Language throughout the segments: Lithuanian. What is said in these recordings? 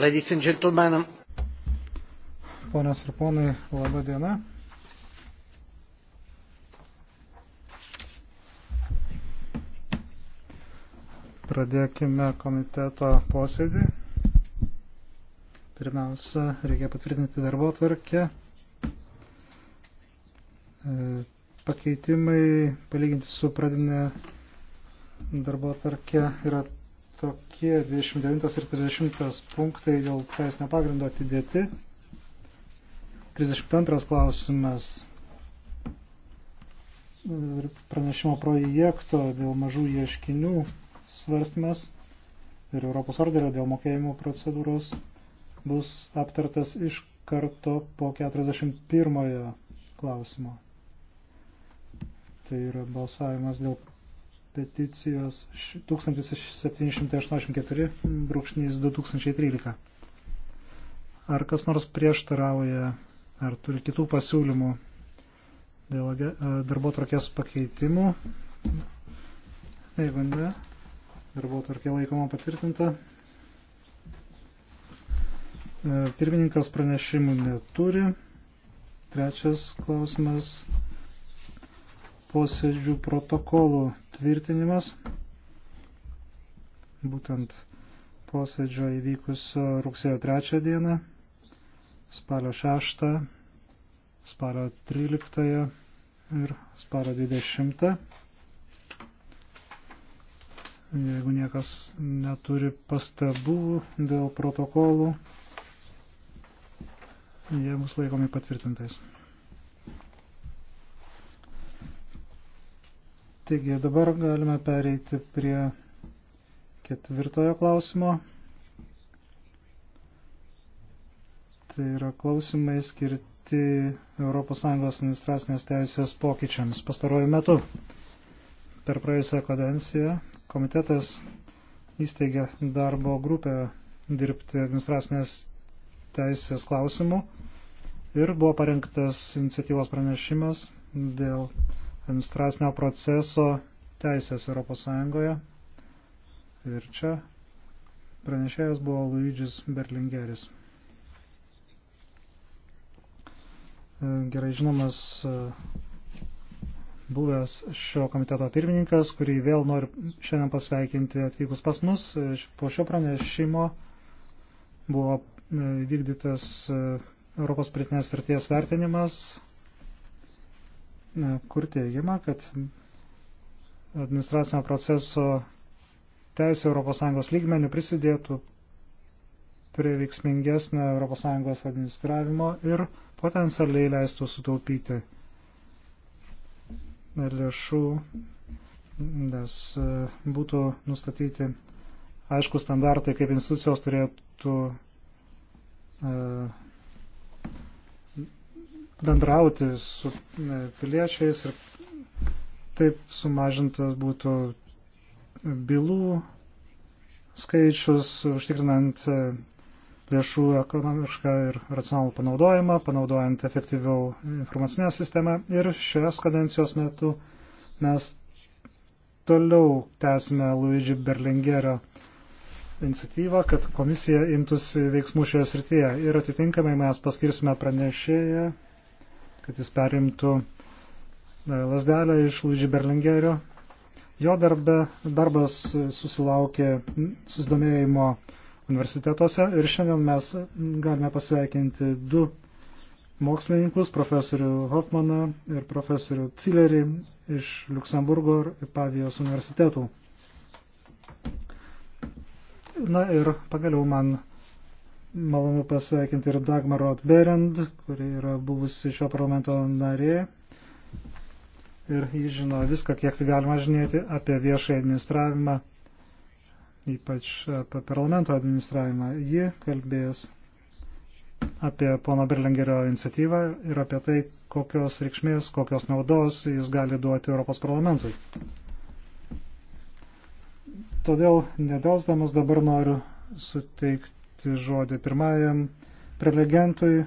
Ladies and gentlemen. Ponios ir ponai, laba diena. Pradėkime komiteto posėdį. Pirmiausia, reikia patvirtinti darbo tvarkę. E, pakeitimai, palyginti su pradinė darbo tvarkė, yra tokie 29 ir 30 punktai dėl teisinio pagrindo atidėti. 32 klausimas pranešimo projekto dėl mažų ieškinių svarstymas ir Europos orderio dėl mokėjimo procedūros bus aptartas iš karto po 41 klausimo. Tai yra balsavimas dėl peticijos 1784-2013. Ar kas nors prieštarauja, ar turi kitų pasiūlymų dėl e, darbo tvarkės pakeitimų? Jeigu ne, darbo tvarkė laikoma patvirtinta. E, pirmininkas pranešimų neturi. Trečias klausimas posėdžių protokolų tvirtinimas. Būtent posėdžio įvykusio rugsėjo 3 dieną, spalio 6, spalio 13 ir spalio 20. Jeigu niekas neturi pastabų dėl protokolų, jie bus laikomi patvirtintais. Taigi dabar galime pereiti prie ketvirtojo klausimo. Tai yra klausimai skirti ES administracinės teisės pokyčiams pastaruoju metu. Per praėjusią kadenciją komitetas įsteigė darbo grupę dirbti administracinės teisės klausimų ir buvo parengtas iniciatyvos pranešimas dėl administracinio proceso teisės Europos Sąjungoje. Ir čia pranešėjas buvo Luidžis Berlingeris. E, gerai žinomas e, buvęs šio komiteto pirmininkas, kurį vėl noriu šiandien pasveikinti atvykus pas mus. E, po šio pranešimo buvo vykdytas Europos pritinės vertės vertinimas kur teigiama, kad administracinio proceso teisė ES lygmenių prisidėtų prie veiksmingesnio ES administravimo ir potencialiai leistų sutaupyti lėšų, nes e, būtų nustatyti aišku standartai, kaip institucijos turėtų e, bendrauti su e, piliečiais ir taip sumažintas būtų bylų skaičius, užtikrinant e, lėšų ekonomišką ir racionalų panaudojimą, panaudojant efektyviau informacinę sistemą. Ir šios kadencijos metu mes toliau tęsime Luigi Berlingerio iniciatyvą, kad komisija imtųsi veiksmų šioje srityje. Ir atitinkamai mes paskirsime pranešėją kad jis perimtų e, lasdelę iš Luigi Berlingerio. Jo darbe, darbas susilaukė susidomėjimo universitetuose ir šiandien mes galime pasveikinti du mokslininkus, profesorių Hoffmaną ir profesorių Cillerį iš Luksemburgo ir Pavijos universitetų. Na ir pagaliau man Malonu pasveikinti ir Dagmar Rotberend, kuri yra buvusi šio parlamento narė. Ir jis žino viską, kiek tai galima žinėti apie viešą administravimą, ypač apie parlamento administravimą. Ji kalbės apie pono Berlingerio iniciatyvą ir apie tai, kokios reikšmės, kokios naudos jis gali duoti Europos parlamentui. Todėl nedelsdamas dabar noriu suteikti suteikti žodį pirmajam prelegentui,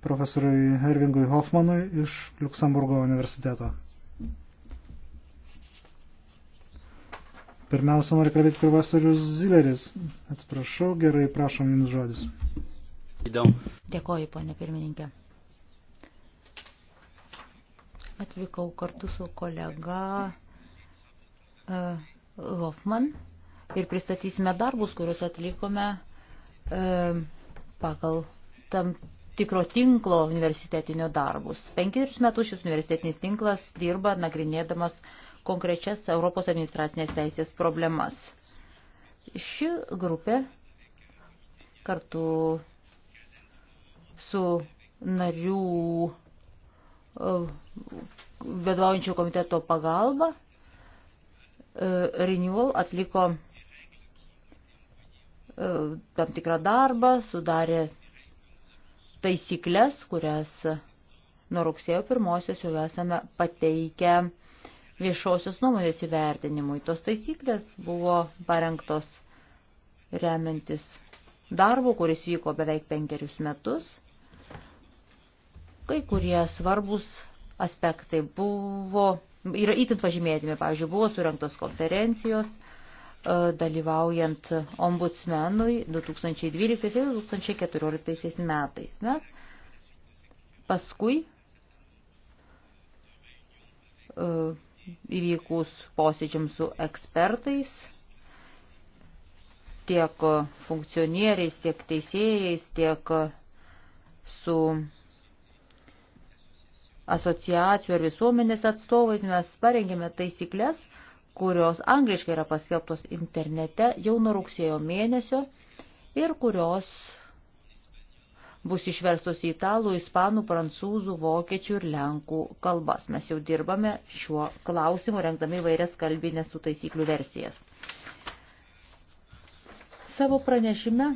profesoriui Ervingui Hoffmanui iš Luksemburgo universiteto. Pirmiausia, noriu kalbėti profesorius Zileris. Atsiprašau, gerai, prašom jums žodis. Dėkoju, ponė pirmininkė. Atvykau kartu su kolega uh, Hoffman ir pristatysime darbus, kuriuos atlikome uh, E, pagal tam tikro tinklo universitetinio darbus. Penkerius metus šis universitetinis tinklas dirba nagrinėdamas konkrečias Europos administracinės teisės problemas. Ši grupė kartu su narių e, vedvaujančio komiteto pagalba e, Renewal atliko E, tam tikrą darbą, sudarė taisyklės, kurias nuo rugsėjo pirmosios jau esame pateikę viešosios nuomonės įvertinimui. Tos taisyklės buvo parengtos remiantis darbu, kuris vyko beveik penkerius metus. Kai kurie svarbus aspektai buvo, yra įtin pažymėtimi, pavyzdžiui, buvo surinktos konferencijos, E, dalyvaujant ombudsmenui 2012-2014 metais. Mes paskui e, įvykus posėdžiams su ekspertais, tiek funkcionieriais, tiek teisėjais, tiek su asociacijų ar visuomenės atstovais mes parengėme taisyklės, kurios angliškai yra paskelbtos internete jau nuo rugsėjo mėnesio ir kurios bus išverstos į italų, ispanų, prancūzų, vokiečių ir lenkų kalbas. Mes jau dirbame šiuo klausimu, rengdami vairias kalbinės su taisyklių versijas. Savo pranešime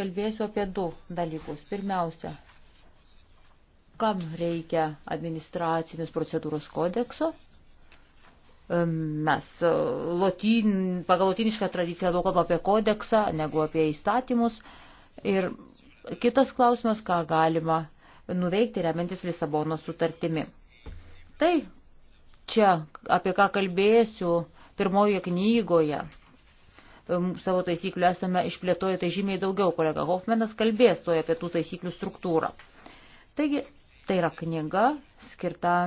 kalbėsiu apie du dalykus. Pirmiausia, kam reikia administracinės procedūros kodekso Mes e, lotyn, pagal lotinišką tradiciją labiau kalbame apie kodeksą negu apie įstatymus. Ir kitas klausimas, ką galima nuveikti remiantis Lisabono sutartimi. Tai čia, apie ką kalbėsiu pirmoje knygoje, savo taisyklių esame išplėtoję tai žymiai daugiau, kolega Hoffmanas kalbės toje apie tų taisyklių struktūrą. Taigi, tai yra knyga skirta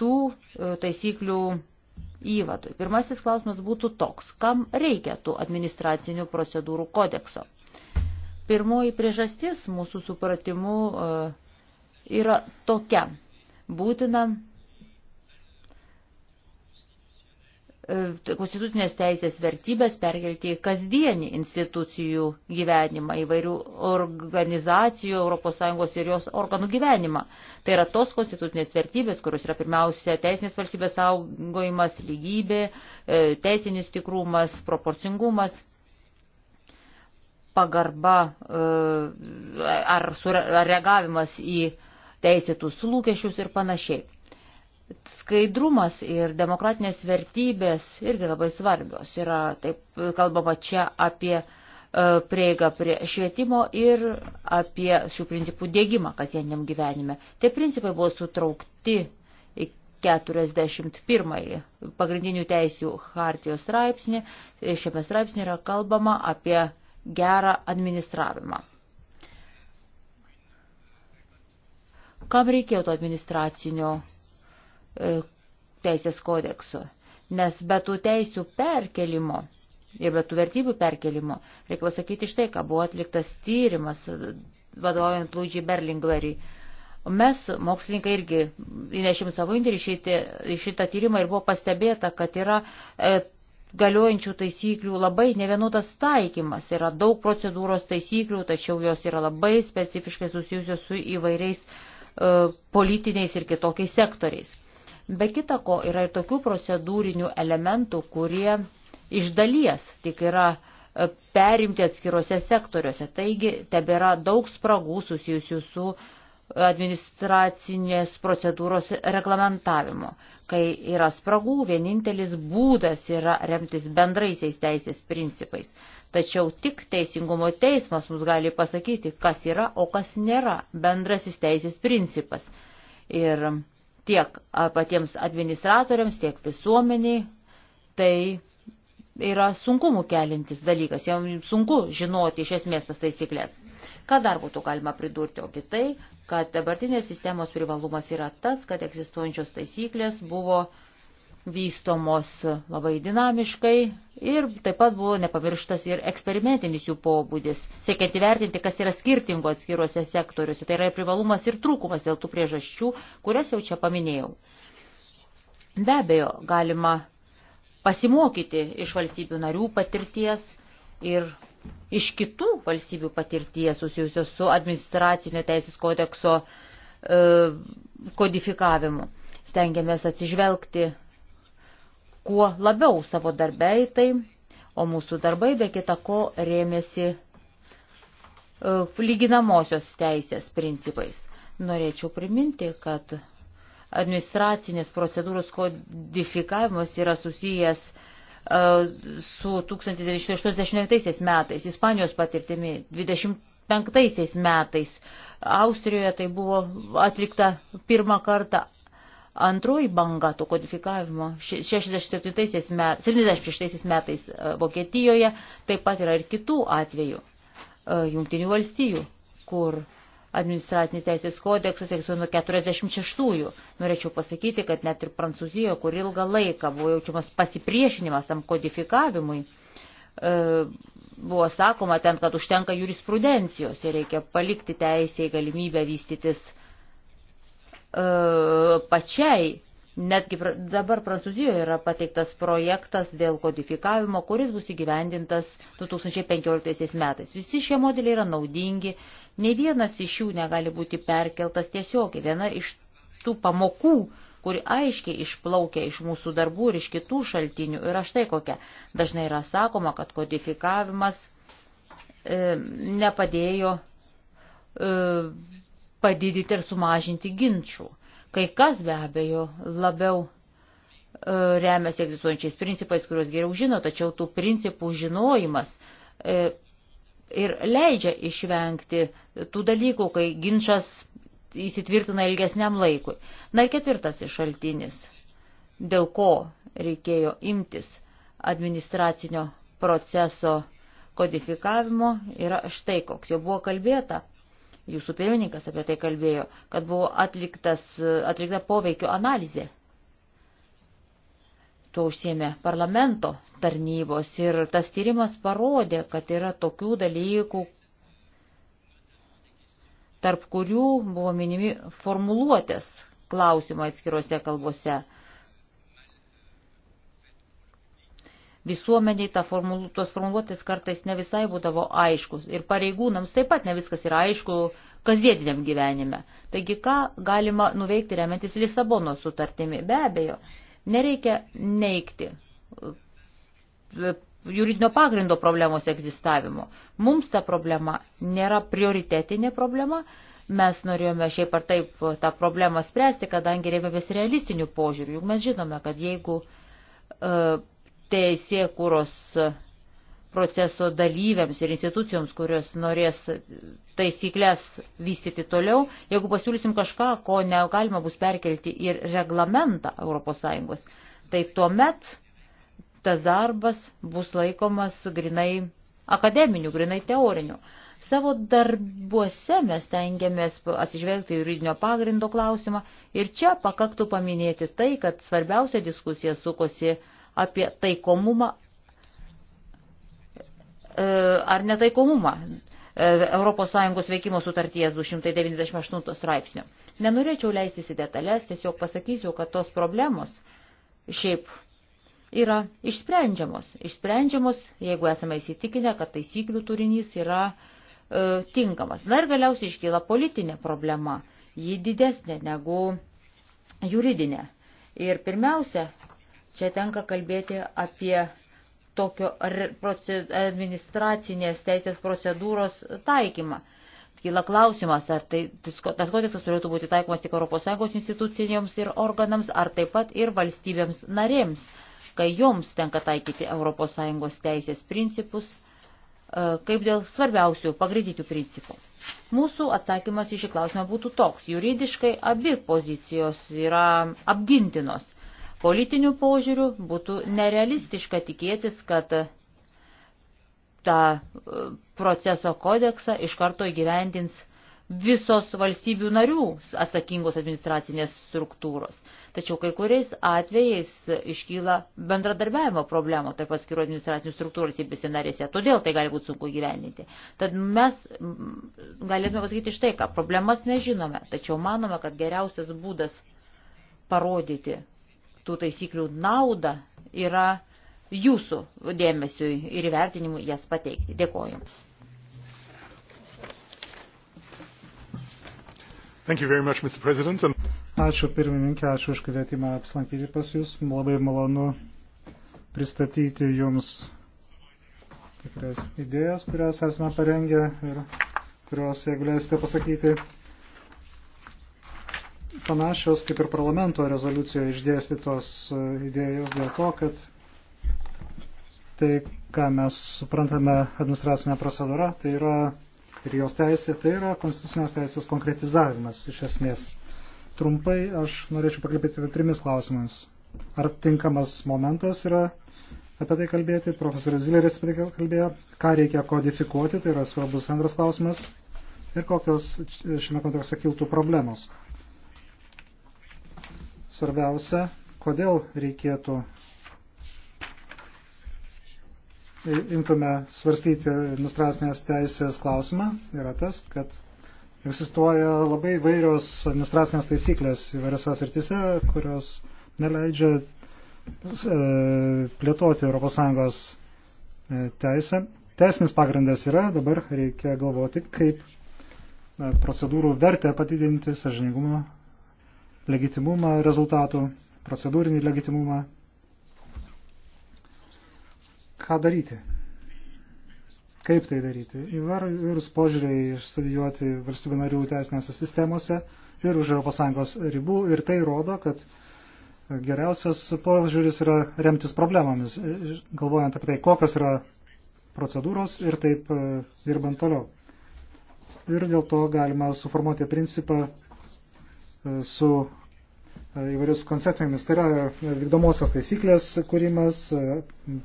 tų e, taisyklių įvadui. Pirmasis klausimas būtų toks, kam reikia tų administracinių procedūrų kodekso. Pirmoji priežastis mūsų supratimu e, yra tokia. Būtina E, konstitucinės teisės vertybės perkelti į kasdienį institucijų gyvenimą, įvairių organizacijų ES ir jos organų gyvenimą. Tai yra tos konstitucinės vertybės, kurios yra pirmiausia teisinės valstybės saugojimas, lygybė, e, teisinis tikrumas, proporcingumas pagarba e, ar reagavimas į teisėtus lūkesčius ir panašiai. Skaidrumas ir demokratinės vertybės irgi labai svarbios. Yra taip kalbama čia apie e, prieigą prie švietimo ir apie šių principų dėgymą kasdieniam gyvenime. Tie principai buvo sutraukti 41 pagrindinių teisių hartijos straipsnį. Šiame straipsnė yra kalbama apie gerą administravimą. Kam reikėjo to administracinio E, teisės kodekso. Nes be tų teisių perkelimo ir be tų vertybių perkelimo, reikia pasakyti štai, ką buvo atliktas tyrimas, e, vadovaujant Luigi Berlingveriui. Mes, mokslininkai, irgi įnešėm savo indėlį į šitą tyrimą ir buvo pastebėta, kad yra e, galiojančių taisyklių labai nevienodas taikymas. Yra daug procedūros taisyklių, tačiau jos yra labai specifiškai susijusios su įvairiais e, politiniais ir kitokiais sektoriais. Be kita ko yra ir tokių procedūrinių elementų, kurie iš dalies tik yra e, perimti atskiruose sektoriuose. Taigi tebėra daug spragų susijusių su administracinės procedūros reglamentavimo. Kai yra spragų, vienintelis būdas yra remtis bendraisiais teisės principais. Tačiau tik teisingumo teismas mus gali pasakyti, kas yra, o kas nėra bendrasis teisės principas. Ir tiek patiems administratoriams, tiek visuomeniai, tai yra sunkumų kelintis dalykas, jiems sunku žinoti iš esmės tas taisyklės. Ką dar būtų galima pridurti, o kitai, kad dabartinės sistemos privalumas yra tas, kad egzistuojančios taisyklės buvo uh, vystomos labai dinamiškai ir taip pat buvo nepamirštas ir eksperimentinis jų pobūdis, siekiant įvertinti, kas yra skirtingo atskiruose sektoriuose. Tai yra privalumas ir trūkumas dėl tų priežasčių, kurias jau čia paminėjau. Be abejo, galima pasimokyti iš valstybių narių patirties ir iš kitų valstybių patirties susijusios su administracinio teisės kodekso e, kodifikavimu. Stengiamės atsižvelgti kuo labiau savo darbiai tai, o mūsų darbai be kita ko rėmėsi e, lyginamosios teisės principais. Norėčiau priminti, kad administracinės procedūros kodifikavimas yra susijęs e, su 1989 metais, Ispanijos patirtimi 25 metais, Austrijoje tai buvo atlikta pirmą kartą, Antroji banga to kodifikavimo 67 met, 76 metais e, Vokietijoje taip pat yra ir kitų atvejų e, jungtinių valstijų, kur administracinis teisės kodeksas egzistuoja nuo 46-ųjų. Norėčiau pasakyti, kad net ir Prancūzijoje, kur ilgą laiką buvo jaučiamas pasipriešinimas tam kodifikavimui, e, buvo sakoma ten, kad užtenka jurisprudencijos ir reikia palikti teisėjai galimybę vystytis uh, E, pačiai. Netgi dabar Prancūzijoje yra pateiktas projektas dėl kodifikavimo, kuris bus įgyvendintas 2015 metais. Visi šie modeliai yra naudingi, nei vienas iš jų negali būti perkeltas tiesiogiai. Viena iš tų pamokų, kuri aiškiai išplaukia iš mūsų darbų ir iš kitų šaltinių, yra štai kokia. Dažnai yra sakoma, kad kodifikavimas e, nepadėjo. E, padidyti ir sumažinti ginčių. Kai kas be abejo labiau e, remiasi egzistuojančiais principais, kuriuos geriau žino, tačiau tų principų žinojimas e, ir leidžia išvengti tų dalykų, kai ginčas įsitvirtina ilgesniam laikui. Na ir ketvirtas šaltinis, dėl ko reikėjo imtis administracinio proceso kodifikavimo, yra štai koks jau buvo kalbėta jūsų pirmininkas apie tai kalbėjo, kad buvo atliktas, atlikta poveikio analizė. Tuo užsiemė parlamento tarnybos ir tas tyrimas parodė, kad yra tokių dalykų, tarp kurių buvo minimi formuluotės klausimai atskiruose kalbose. Visuomeniai ta formulu, tos formuluotės kartais ne visai būdavo aiškus ir pareigūnams taip pat ne viskas yra aišku kasdieniniam gyvenime. Taigi, ką galima nuveikti remiantis Lisabono sutartimi? Be abejo, nereikia neikti e, juridinio pagrindo problemos egzistavimo. Mums ta problema nėra prioritetinė problema. Mes norėjome šiaip ar taip tą problemą spręsti, kadangi rėmėmės realistiniu požiūriu. Juk mes žinome, kad jeigu uh, teisė kūros proceso dalyviams ir institucijoms, kurios norės taisyklės vystyti toliau, jeigu pasiūlysim kažką, ko negalima bus perkelti ir reglamentą ES, tai tuomet tas darbas bus laikomas grinai akademiniu, grinai teoriniu. Savo darbuose mes tengiamės atsižvelgti juridinio pagrindo klausimą ir čia pakaktų paminėti tai, kad svarbiausia diskusija sukosi uh, apie taikomumą e, ar netaikomumą ES veikimo sutarties 298 straipsnio. Nenorėčiau leistis į detalės, tiesiog pasakysiu, kad tos problemos šiaip yra išsprendžiamos. Išsprendžiamos, jeigu esame įsitikinę, kad taisyklių turinys yra e, tinkamas. Na ir galiausiai iškyla politinė problema. Ji didesnė negu juridinė. Ir pirmiausia, Čia tenka kalbėti apie tokio administracinės teisės procedūros taikymą. Kyla klausimas, ar tai, tas kodeksas turėtų būti taikomas tik ES institucijoms ir organams, ar taip pat ir valstybėms narėms, kai joms tenka taikyti ES teisės principus, e, kaip dėl svarbiausių pagrindinių principų. Mūsų atsakymas į šį klausimą būtų toks. Juridiškai abi pozicijos yra apgintinos Politinių požiūrių būtų nerealistiška tikėtis, kad tą e, proceso kodeksą iš karto įgyvendins visos valstybių narių atsakingos administracinės struktūros. Tačiau kai kuriais atvejais iškyla bendradarbiavimo problemo tarp atskirų administracinių struktūrų valstybėse narėse. Todėl tai gali būti sunku gyveninti. Tad mes galėtume pasakyti štai ką. Problemas mes žinome, tačiau manome, kad geriausias būdas parodyti, tų taisyklių naudą yra jūsų dėmesiui ir įvertinimui jas pateikti. Dėkoju. Much, ačiū pirmininkė, ačiū už kvietimą apsilankyti pas Jūs. Labai malonu pristatyti Jums tikras idėjas, kurias esame parengę ir kurios, jeigu leisite pasakyti, panašios kaip ir parlamento rezoliucijoje išdėstytos e, idėjos dėl to, kad tai, ką mes suprantame administracinę procedūrą, tai yra ir jos teisė, tai yra konstitucinės teisės konkretizavimas iš esmės. Trumpai aš norėčiau pakalbėti apie trimis klausimais. Ar tinkamas momentas yra apie tai kalbėti, profesorius Zileris apie tai kalbėjo, ką reikia kodifikuoti, tai yra svarbus antras klausimas ir kokios šiame kontekste kiltų problemos. Svarbiausia, kodėl reikėtų e, imtume svarstyti administracinės teisės klausimą, yra tas, kad egzistuoja labai vairios administracinės taisyklės įvairiose srityse, kurios neleidžia e, plėtoti ES e, teisę. Teisinis pagrindas yra, dabar reikia galvoti, kaip procedūrų vertę padidinti sažiningumo legitimumą rezultatų, procedūrinį legitimumą. Ką daryti? Kaip tai daryti? Įvairūs požiūriai studijuoti valstybių narių teisinėse sistemose ir už ES ribų ir tai rodo, kad geriausias požiūris yra remtis problemomis, galvojant apie tai, kokios yra procedūros ir taip e, dirbant toliau. Ir dėl to galima suformuoti principą su e, įvairius koncepcijomis. Tai yra e, vykdomosios taisyklės kūrimas, e,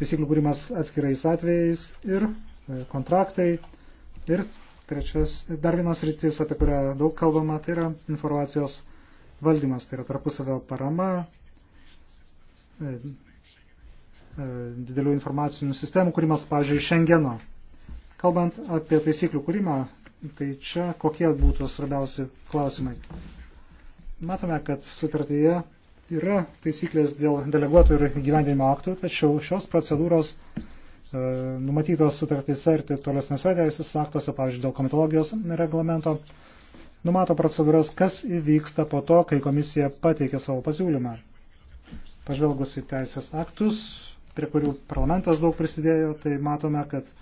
taisyklių kūrimas atskirais atvejais ir kontraktai. Ir trečias, dar vienas rytis, apie kurią daug kalbama, tai yra informacijos valdymas, tai yra tarpusavio parama, didelių informacinių sistemų kūrimas, pavyzdžiui, Schengeno. Kalbant apie taisyklių kūrimą, Tai čia kokie būtų svarbiausi klausimai. Matome, kad sutartyje yra taisyklės dėl deleguotų ir gyvendinimo aktų, tačiau šios procedūros e, numatytos sutartyse ir tai tolesnėse teisės aktuose, pavyzdžiui, dėl komitologijos reglamento, numato procedūras, kas įvyksta po to, kai komisija pateikia savo pasiūlymą. Pažvelgus į teisės aktus, prie kurių parlamentas daug prisidėjo, tai matome, kad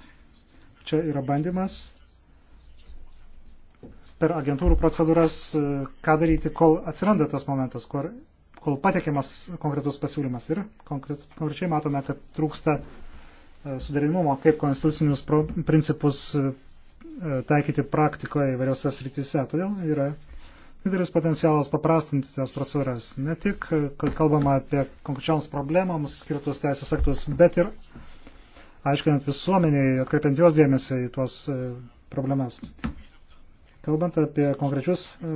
čia yra bandymas per agentūrų procedūras, e, ką daryti, kol atsiranda tas momentas, kur, kol patikimas konkretus pasiūlymas. Ir konkret, konkrečiai matome, kad trūksta e, suderinumo, kaip konstitucinius pro, principus e, taikyti praktikoje įvairiose srityse. Todėl yra didelis potencialas paprastinti tas procedūras. Ne tik, kad kalbama apie konkrečioms problemams skirtus teisės aktus, bet ir aiškinant visuomeniai, atkreipiant jos dėmesį į tuos problemas. Kalbant apie konkrečius e,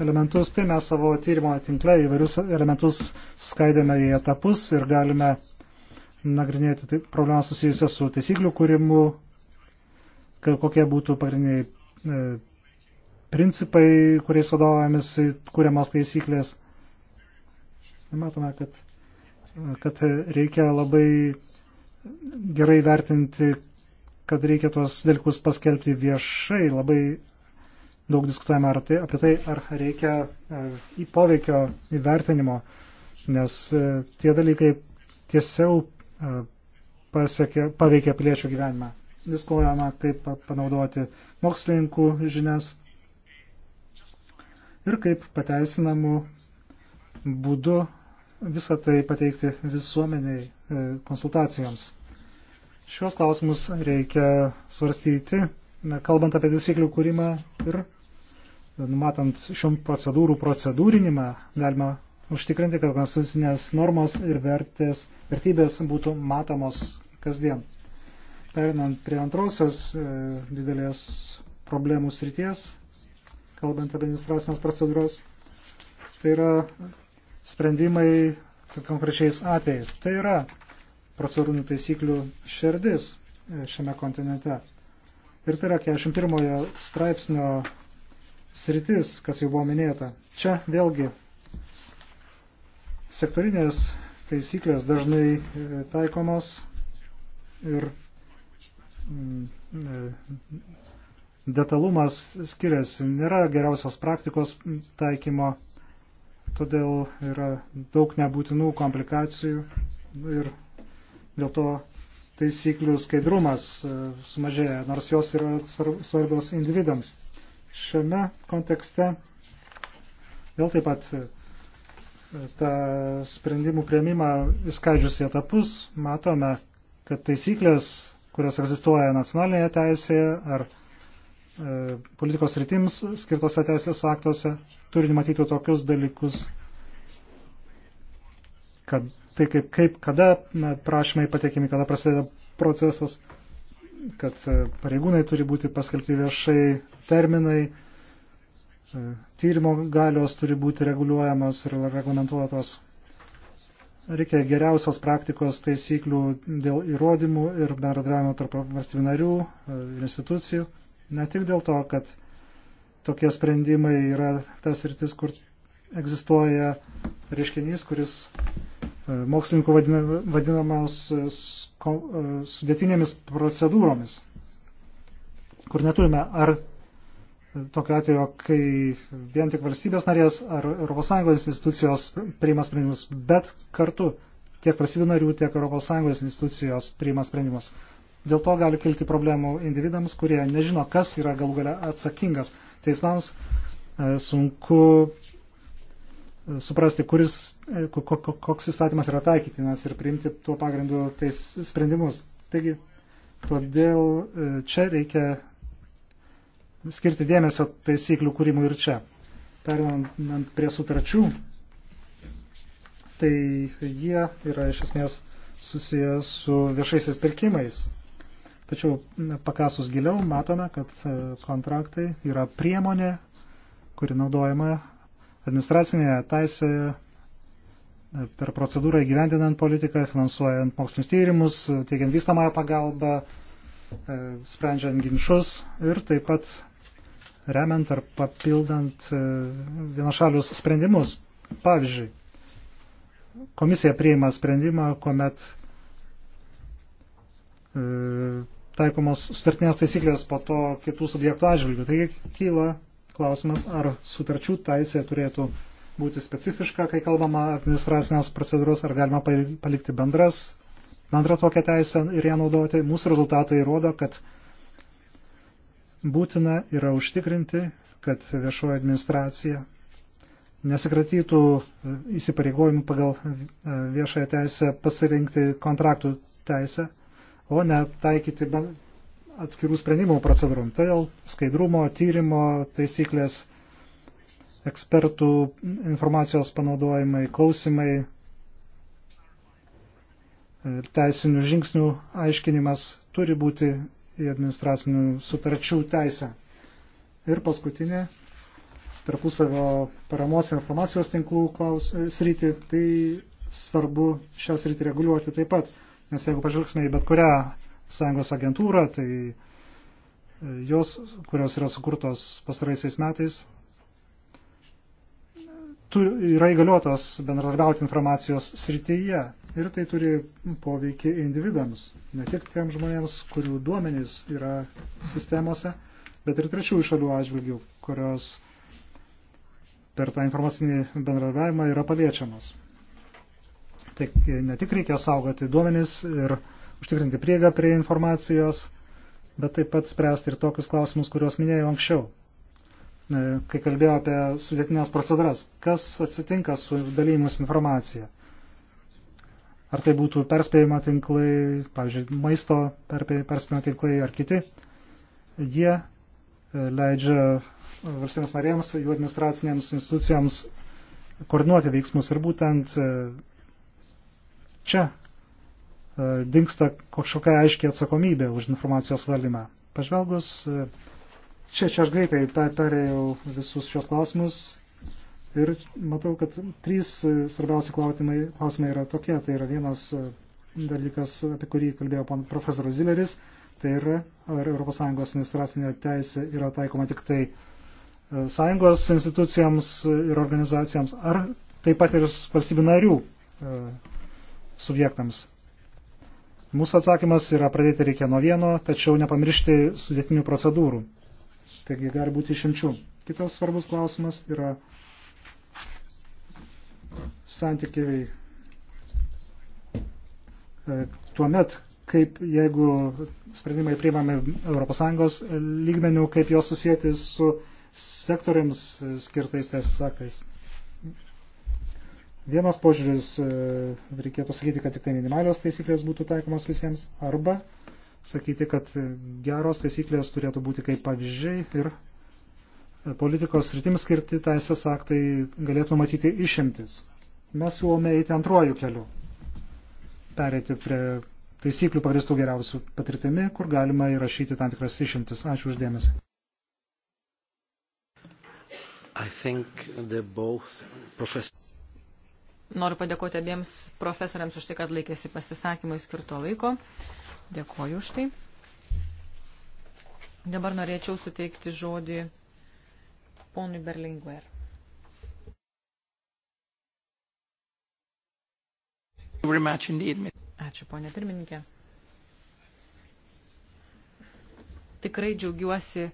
elementus, tai mes savo tyrimo tinkle įvairius elementus suskaidėme į etapus ir galime nagrinėti tai problemą susijusią su taisyklių kūrimu, kokie būtų pagrindiniai e, principai, kuriais vadovavimis kūriamos taisyklės. Matome, kad, kad reikia labai gerai vertinti, kad reikia tuos dalykus paskelbti viešai, labai daug diskutuojama ar tai, apie tai, ar reikia e, į poveikio įvertinimo, nes e, tie dalykai tiesiau e, pasiekė, paveikė piliečių gyvenimą. Diskuojama, kaip panaudoti mokslininkų žinias ir kaip pateisinamų būdu visą tai pateikti visuomeniai konsultacijoms. Šios klausimus reikia svarstyti, kalbant apie taisyklių kūrimą ir numatant šiom procedūrų procedūrinimą, galima užtikrinti, kad konstitucinės normos ir vertės, vertybės būtų matomos kasdien. Perinant prie antrosios e, didelės problemų srities, kalbant apie administracinės procedūras, tai yra sprendimai konkrečiais atvejais. Tai yra procedūrinių taisyklių šerdis e, šiame kontinente. Ir tai yra 41 straipsnio sritis, kas jau buvo minėta. Čia vėlgi sektorinės taisyklės dažnai e, taikomos ir mm, e, detalumas skiriasi, nėra geriausios praktikos taikymo, todėl yra daug nebūtinų komplikacijų ir dėl to taisyklių skaidrumas e, sumažėja, nors jos yra svarbios individams. Šiame kontekste vėl taip pat e, tą sprendimų prieimimą įskaidžius į etapus matome, kad taisyklės, kurios egzistuoja nacionalinėje teisėje ar e, politikos rytims skirtose teisės aktuose, turi matyti tokius dalykus, kad tai kaip, kaip kada na, prašymai patekimi, kada prasideda procesas kad e, pareigūnai turi būti paskelbti viešai terminai, e, tyrimo galios turi būti reguliuojamos ir reglamentuotos. Reikia geriausios praktikos taisyklių dėl įrodymų ir bendradavimo tarp valstybių narių, e, institucijų. Ne tik dėl to, kad tokie sprendimai yra tas rytis, kur egzistuoja reiškinys, kuris E, mokslininkų vadinamos e, e, sudėtinėmis procedūromis, kur neturime ar tokio atvejo, kai vien tik valstybės narės ar ES institucijos priima sprendimus, bet kartu tiek valstybių narių, tiek ES institucijos priima sprendimus. Dėl to gali kilti problemų individams, kurie nežino, kas yra galų gale atsakingas teismams. Sunku suprasti, kuris, e, koks įstatymas yra taikytinas ir priimti tuo pagrindu tais sprendimus. Taigi, todėl e, čia reikia skirti dėmesio taisyklių kūrimui ir čia. Perinant prie sutarčių, tai jie yra iš esmės susiję su viešaisiais pirkimais. Tačiau pakasus giliau matome, kad e, kontraktai yra priemonė, kuri naudojama Administracinėje teisėje per procedūrą įgyvendinant politiką, finansuojant mokslinius tyrimus, teikiant vystamąją pagalbą, e, sprendžiant ginčius ir taip pat remiant ar papildant e, vienašalius sprendimus. Pavyzdžiui, komisija priima sprendimą, kuomet e, taikomos sutartinės taisyklės po to kitų subjektų atžvilgių. Taigi kyla klausimas, ar sutarčių taisė turėtų būti specifiška, kai kalbama administracinės procedūros, ar galima palikti bendras, bendrą tokią teisę ir ją naudoti. Mūsų rezultatai rodo, kad būtina yra užtikrinti, kad viešoji administracija nesikratytų įsipareigojimų pagal e, viešąją teisę pasirinkti kontraktų teisę, o ne taikyti atskirų sprendimų procedūrų. Todėl skaidrumo, tyrimo taisyklės, ekspertų informacijos panaudojimai, klausimai, teisinių žingsnių aiškinimas turi būti į administracinių sutarčių teisę. Ir paskutinė tarpusavio paramos informacijos tinklų klaus, sritį, tai svarbu šią sritį reguliuoti taip pat, nes jeigu pažvelgsime į bet kurią sąjungos agentūrą, tai e, jos, kurios yra sukurtos pastaraisiais metais, yra įgaliotas bendradarbiauti informacijos srityje ir tai turi poveikį individams, ne tik tiem žmonėms, kurių duomenys yra sistemose, bet ir trečiųjų šalių atžvilgių, kurios per tą informacinį bendradarbiavimą yra paliečiamos. Tai ne tik reikia saugoti duomenys ir uh, užtikrinti priegą prie informacijos, bet taip pat spręsti ir tokius klausimus, kuriuos minėjau anksčiau, e, kai kalbėjau apie sudėtinės procedūras. Kas atsitinka su dalymus informacija? Ar tai būtų perspėjimo tinklai, pavyzdžiui, maisto perspėjimo tinklai ar kiti, jie e, leidžia valstybės narėms, jų administracinėms institucijams koordinuoti veiksmus ir būtent e, čia E, dinksta kažkokia aiškiai atsakomybė už informacijos valdymą. Pažvelgus, e, čia, čia aš greitai perėjau visus šios klausimus ir matau, kad trys e, svarbiausi klausimai, klausimai yra tokie. Tai yra vienas dalykas, apie kurį kalbėjo profesorius Zileris, tai yra, ar ES administracinė teisė yra taikoma tik tai sąjungos institucijoms ir organizacijoms, ar taip pat ir valstybių narių subjektams. Mūsų atsakymas yra pradėti reikia nuo vieno, tačiau nepamiršti sudėtinių procedūrų. Taigi gali būti išimčių. Kitas svarbus klausimas yra santykiai e, tuo met, kaip jeigu sprendimai priimami ES lygmenių, kaip juos susijęti su sektoriams skirtais teisės aktais. Vienas požiūris e, reikėtų sakyti, kad tik tai minimalios taisyklės būtų taikomas visiems, arba sakyti, kad geros taisyklės turėtų būti kaip pavyzdžiai ir politikos sritims skirti teisės aktai galėtų matyti išimtis. Mes siūlome eiti antruoju keliu, perėti prie taisyklių pagristų geriausių patirtimi, kur galima įrašyti tam tikras išimtis. Ačiū uždėmesi. I think they're both professors. Noriu padėkoti abiems profesoriams už tai, kad laikėsi pasisakymui skirto laiko. Dėkoju už tai. Dabar norėčiau suteikti žodį ponui Berlinguer. Ačiū, ponė pirmininkė. Tikrai džiaugiuosi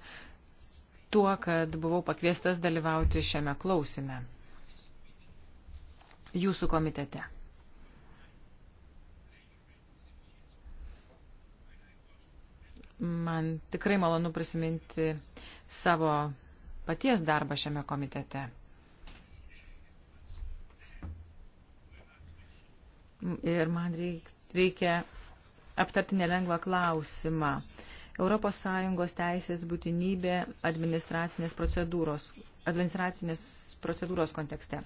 tuo, kad buvau pakviestas dalyvauti šiame klausime jūsų komitete. Man tikrai malonu prisiminti savo paties darbą šiame komitete. Ir man reikia aptarti nelengvą klausimą. ES teisės būtinybė administracinės procedūros, administracinės procedūros kontekste.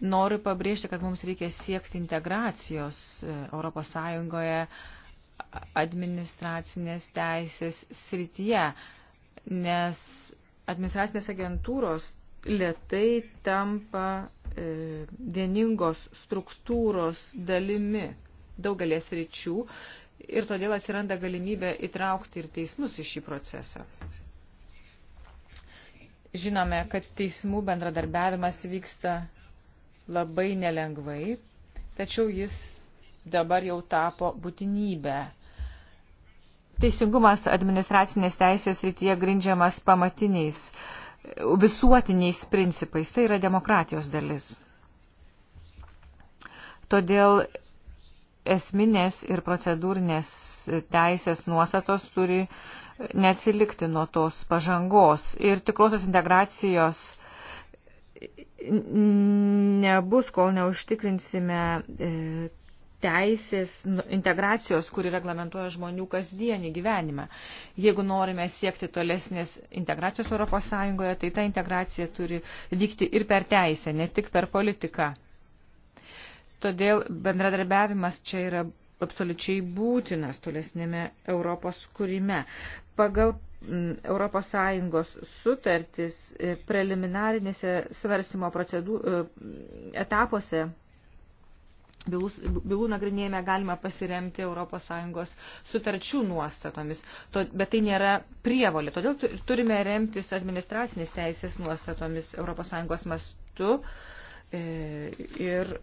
Noriu pabrėžti, kad mums reikia siekti integracijos e, Europos Sąjungoje administracinės teisės srityje, nes administracinės agentūros lietai tampa e, vieningos struktūros dalimi daugelės ryčių ir todėl atsiranda galimybė įtraukti ir teismus į šį procesą. Žinome, kad teismų bendradarbiavimas vyksta labai nelengvai, tačiau jis dabar jau tapo būtinybę. Teisingumas administracinės teisės rytyje grindžiamas pamatiniais visuotiniais principais. Tai yra demokratijos dalis. Todėl esminės ir procedūrinės teisės nuostatos turi neatsilikti nuo tos pažangos ir tikrosios integracijos nebus, kol neužtikrinsime e, teisės nu, integracijos, kuri reglamentuoja žmonių kasdienį gyvenimą. Jeigu norime siekti tolesnės integracijos ES, tai ta integracija turi vykti ir per teisę, ne tik per politiką. Todėl bendradarbiavimas čia yra absoliučiai būtinas tolesnėme Europos kūrime. Pagal ES sutartis preliminarinėse svarstymo procedų, e, etapuose bylų, bylų nagrinėjime galima pasiremti ES sutarčių nuostatomis, to, bet tai nėra prievolė. Todėl turime remtis administracinės teisės nuostatomis ES mastu e, ir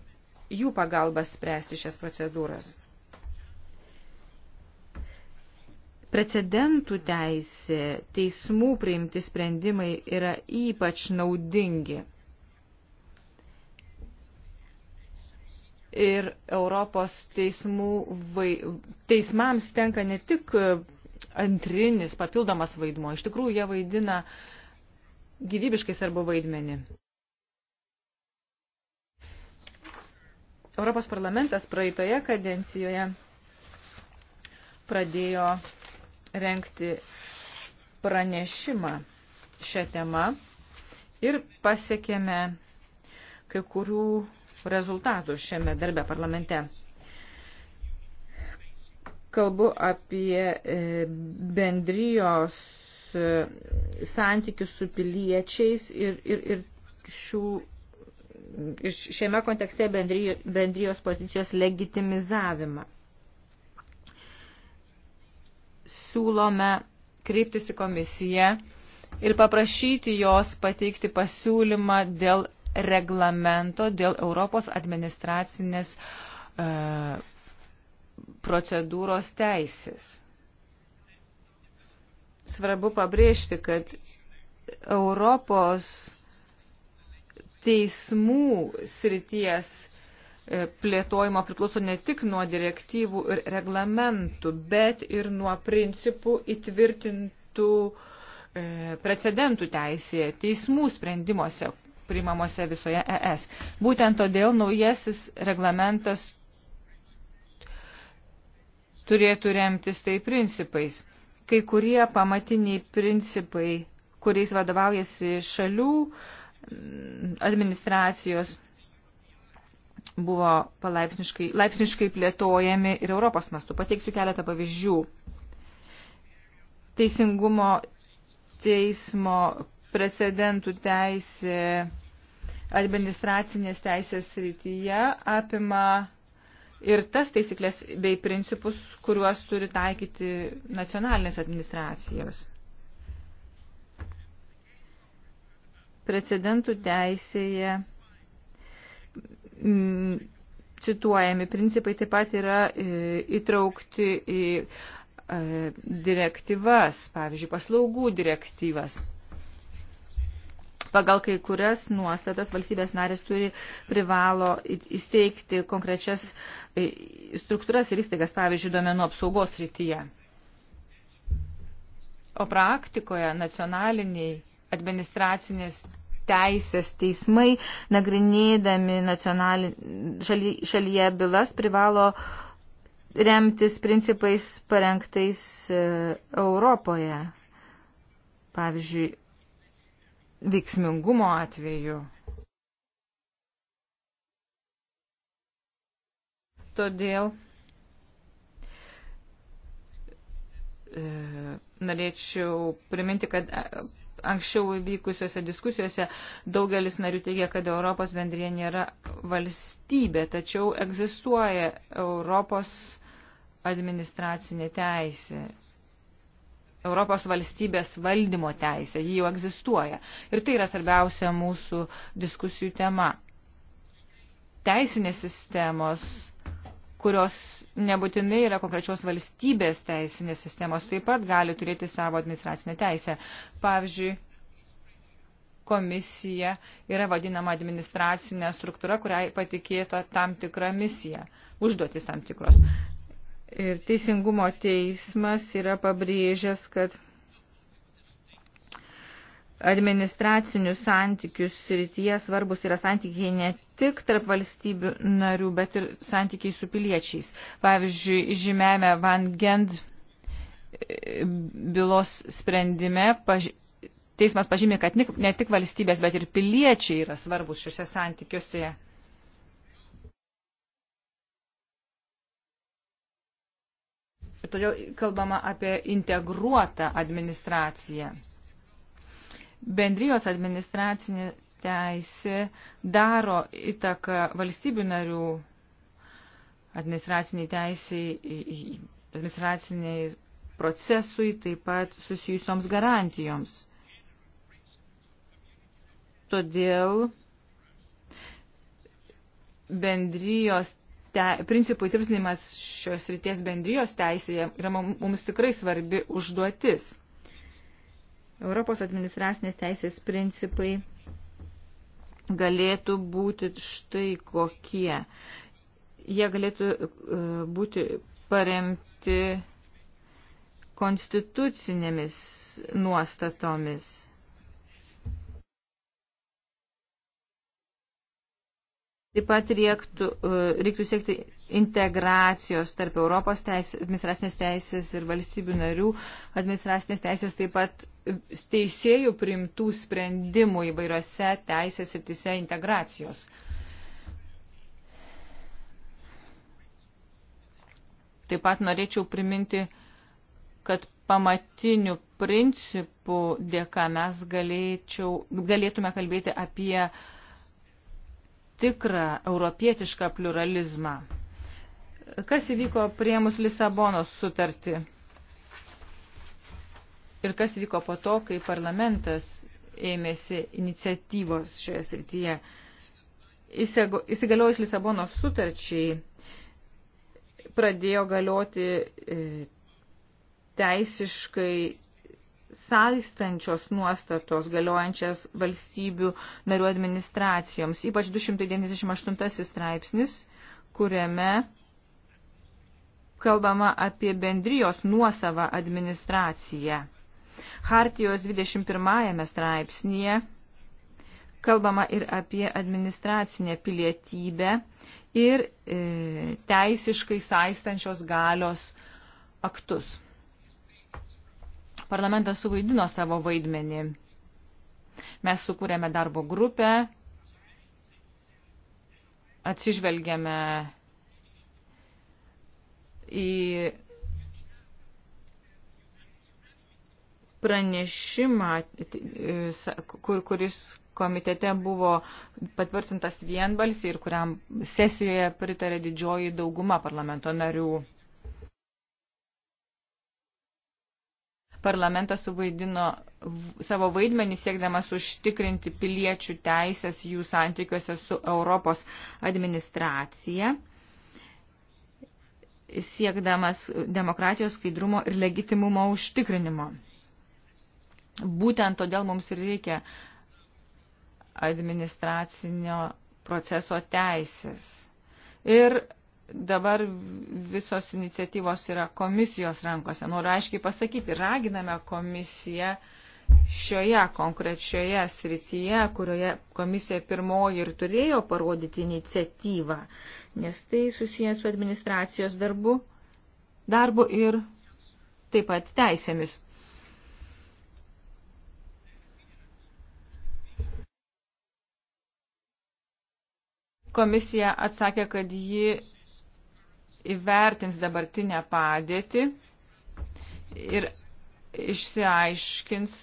jų pagalbą spręsti šias procedūras. Precedentų teisė, teismų priimti sprendimai yra ypač naudingi. ir Europos teismų vai, teismams tenka ne tik antrinis, papildomas vaidmo, iš tikrųjų jie vaidina gyvybiškai svarbu vaidmenį. Europos parlamentas praeitoje kadencijoje pradėjo renkti pranešimą šią temą ir pasiekėme kai kurių rezultatų šiame darbe parlamente. Kalbu apie e, bendrijos e, santykius su piliečiais ir, ir, ir šių. Šiame kontekste bendrijos pozicijos legitimizavimą. siūlome kreiptis į komisiją ir paprašyti jos pateikti pasiūlymą dėl reglamento, dėl Europos administracinės e, procedūros teisės. Svarbu pabrėžti, kad Europos teismų srities E, plėtojimo priklauso ne tik nuo direktyvų ir reglamentų, bet ir nuo principų įtvirtintų e, precedentų teisėje, teismų sprendimuose priimamuose visoje ES. Būtent todėl naujasis reglamentas turėtų remtis tai principais. Kai kurie pamatiniai principai, kuriais vadovaujasi šalių administracijos buvo palaipsniškai laipsniškai plėtojami ir Europos mastu. Pateiksiu keletą pavyzdžių. Teisingumo teismo precedentų teisė administracinės teisės srityje apima ir tas taisyklės bei principus, kuriuos turi taikyti nacionalinės administracijos. Precedentų teisėje m, mm, cituojami principai taip pat yra e, įtraukti į e, direktyvas, pavyzdžiui, paslaugų direktyvas. Pagal kai kurias nuostatas valstybės narės turi privalo įsteigti konkrečias e, struktūras ir įstaigas, pavyzdžiui, domenų apsaugos rytyje. O praktikoje nacionaliniai administracinės teisės teismai, nagrinėdami nacionali, šaly, šalyje bylas, privalo remtis principais parengtais e, Europoje. Pavyzdžiui, veiksmingumo atveju. Todėl e, norėčiau priminti, kad e, anksčiau vykusiuose diskusijose daugelis narių teigia, kad Europos bendrėje nėra valstybė, tačiau egzistuoja Europos administracinė teisė. Europos valstybės valdymo teisė, ji jau egzistuoja. Ir tai yra svarbiausia mūsų diskusijų tema. Teisinės sistemos kurios nebūtinai yra konkrečios valstybės teisinės sistemos, taip pat gali turėti savo administracinę teisę. Pavyzdžiui, komisija yra vadinama administracinė struktūra, kuriai patikėta tam tikra misija, užduotis tam tikros. Ir teisingumo teismas yra pabrėžęs, kad administracinių santykių srityje svarbus yra santykiai ne tik tarp valstybių narių, bet ir santykiai su piliečiais. Pavyzdžiui, žymėme Van Gend e, bylos sprendime, paž... teismas pažymė, kad ne tik valstybės, bet ir piliečiai yra svarbus šiuose santykiuose. Todėl kalbama apie integruotą administraciją bendrijos administracinė teisė daro įtaką valstybių narių administraciniai teisiai, administraciniai procesui, taip pat susijusioms garantijoms. Todėl bendrijos te, principų įtvirtinimas šios ryties bendrijos teisėje yra mums tikrai svarbi užduotis. Europos administracinės teisės principai galėtų būti štai kokie. Jie galėtų e, būti paremti konstitucinėmis nuostatomis. Taip pat reiktų, e, reiktų siekti integracijos tarp Europos teisės, administracinės teisės ir valstybių narių, administracinės teisės taip pat teisėjų primtų sprendimų įvairiose teisės ir tise integracijos. Taip pat norėčiau priminti, kad pamatinių principų dėka mes galėčiau, galėtume kalbėti apie uh, tikrą europietišką pluralizmą. Kas įvyko prie mus Lisabonos sutartį? Ir kas vyko po to, kai parlamentas ėmėsi iniciatyvos šioje srityje. Įsigaliojus Lisabonos sutarčiai pradėjo galioti e, teisiškai saistančios nuostatos galiojančias valstybių narių administracijoms, ypač 298 straipsnis, kuriame kalbama apie bendrijos nuosavą administraciją. Hartijos 21 straipsnėje kalbama ir apie administracinę pilietybę ir e, teisiškai saistančios galios aktus parlamentas suvaidino savo vaidmenį. Mes sukūrėme darbo grupę, atsižvelgėme į pranešimą, kur, kuris komitete buvo patvirtintas vienbalsiai ir kuriam sesijoje pritarė didžioji dauguma parlamento narių. parlamentas suvaidino savo vaidmenį siekdamas užtikrinti piliečių teisės jų santykiuose su Europos administracija, siekdamas demokratijos skaidrumo ir legitimumo užtikrinimo. Būtent todėl mums ir reikia administracinio proceso teisės. Ir dabar visos iniciatyvos yra komisijos rankose. Noriu aiškiai pasakyti, raginame komisiją šioje konkrečioje srityje, kurioje komisija pirmoji ir turėjo parodyti iniciatyvą, nes tai susijęs su administracijos darbu, darbu ir taip pat teisėmis. Komisija atsakė, kad ji įvertins dabartinę padėtį ir išsiaiškins,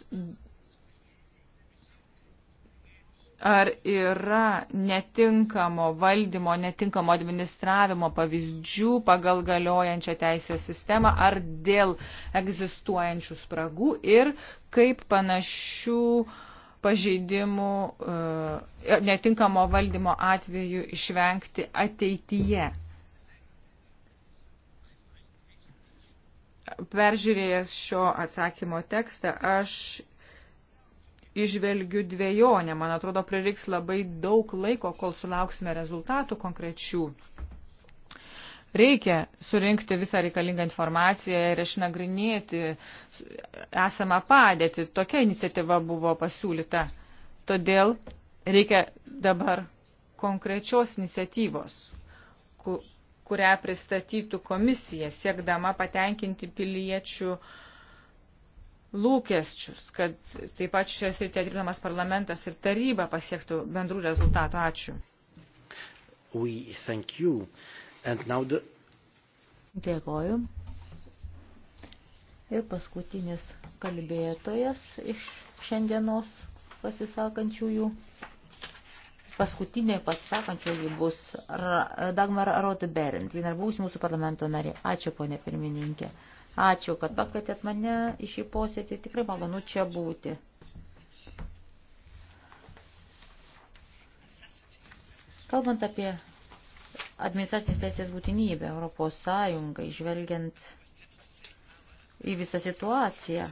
ar yra netinkamo valdymo, netinkamo administravimo pavyzdžių pagal galiojančią teisės sistemą, ar dėl egzistuojančių spragų ir kaip panašių pažeidimų, e, netinkamo valdymo atveju išvengti ateityje. peržiūrėjęs šio atsakymo tekstą, aš išvelgiu dviejonę. Man atrodo, prireiks labai daug laiko, kol sulauksime rezultatų konkrečių. Reikia surinkti visą reikalingą informaciją ir išnagrinėti esamą padėtį. Tokia iniciatyva buvo pasiūlyta. Todėl reikia dabar konkrečios iniciatyvos, kurią pristatytų komisija, siekdama patenkinti piliečių lūkesčius, kad taip pat šios ir dirbdamas parlamentas ir taryba pasiektų bendrų rezultatų. Ačiū. We thank you. And now the... Dėkoju. Ir paskutinis kalbėtojas iš šiandienos pasisakančiųjų paskutinė pasisakančioji bus Dagmar Roth-Berend. Jis dar būs mūsų parlamento narė. Ačiū, ponė pirmininkė. Ačiū, kad pakvietėt mane į šį posėdį. Tikrai malonu čia būti. Kalbant apie administracinės teisės būtinybę Europos Sąjungai, žvelgiant į visą situaciją,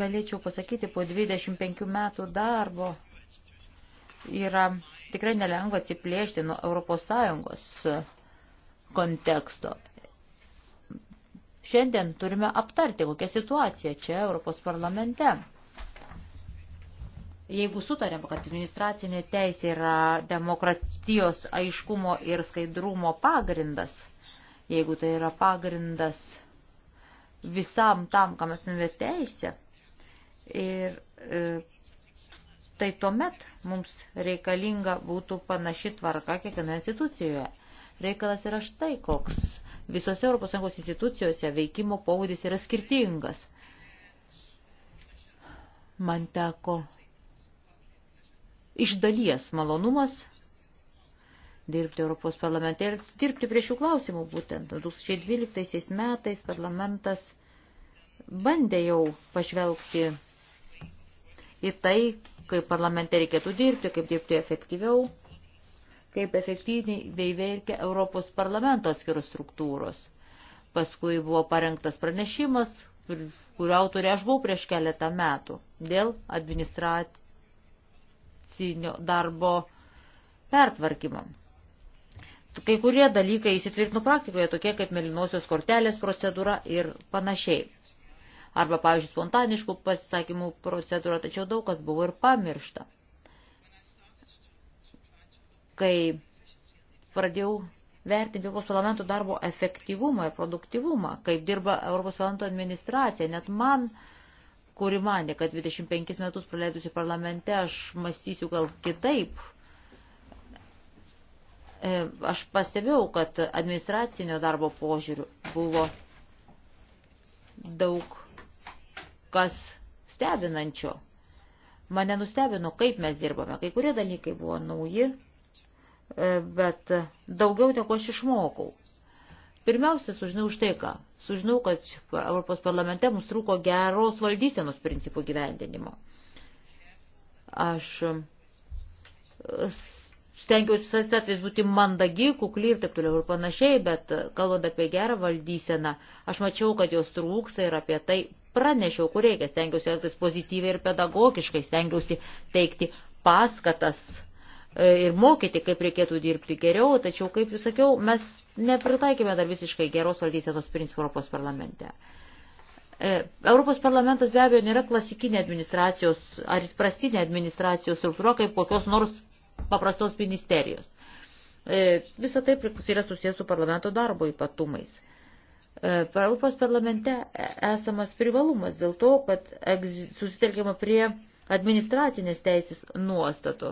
galėčiau pasakyti po 25 metų darbo yra tikrai nelengva atsiplėšti nuo ES konteksto. Šiandien turime aptarti, kokia situacija čia Europos parlamente. Jeigu sutarėm, kad administracinė teisė yra demokratijos aiškumo ir skaidrumo pagrindas, jeigu tai yra pagrindas visam tam, kam esame teisę, ir e, tai tuomet mums reikalinga būtų panaši tvarka kiekvienoje institucijoje. Reikalas yra štai koks. Visose ES institucijose veikimo pobūdis yra skirtingas. Man teko iš dalies malonumas dirbti Europos parlamente ir dirbti prie šių klausimų būtent. 2012 metais parlamentas bandė jau pažvelgti į tai, kaip parlamente reikėtų dirbti, kaip dirbti efektyviau, kaip efektyviai veikia Europos parlamento atskiros struktūros. Paskui buvo parengtas pranešimas, kurio autorė aš buvau prieš keletą metų dėl administracinio darbo pertvarkymo. Kai kurie dalykai įsitvirtino praktikoje, tokie kaip melinosios kortelės procedūra ir panašiai arba, pavyzdžiui, spontaniškų pasisakymų procedūra, tačiau daug kas buvo ir pamiršta. Kai pradėjau vertinti Europos parlamento darbo efektyvumą ir produktyvumą, kaip dirba Europos parlamento administracija, net man kuri manė, kad 25 metus praleidusi parlamente, aš mąstysiu gal kitaip. E, aš pastebėjau, kad administracinio darbo požiūrių buvo daug kas stebinančio. Mane nustebino, kaip mes dirbame. Kai kurie dalykai buvo nauji, e, bet daugiau negu aš išmokau. Pirmiausia, sužinau už tai, ką. Sužinau, kad Europos parlamente mums trūko geros valdysenos principų gyvendinimo. Aš e, stengiausi visais atvejais būti mandagi, kukli ir taip toliau ir panašiai, bet kalbant apie gerą valdyseną, aš mačiau, kad jos trūksta ir apie tai pranešiau, kur reikia, stengiausi elgtis pozityviai ir pedagogiškai, stengiausi teikti paskatas e, ir mokyti, kaip reikėtų dirbti geriau, tačiau, kaip jūs sakiau, mes nepritaikėme dar visiškai geros valdysenos principų Europos parlamente. E, Europos parlamentas be abejo nėra klasikinė administracijos ar įprastinė administracijos struktūra kaip kokios nors paprastos ministerijos. E, Visą tai yra susijęs su parlamento darbo ypatumais. E, Europos parlamente esamas privalumas dėl to, kad susitelkiama prie administracinės teisės nuostato.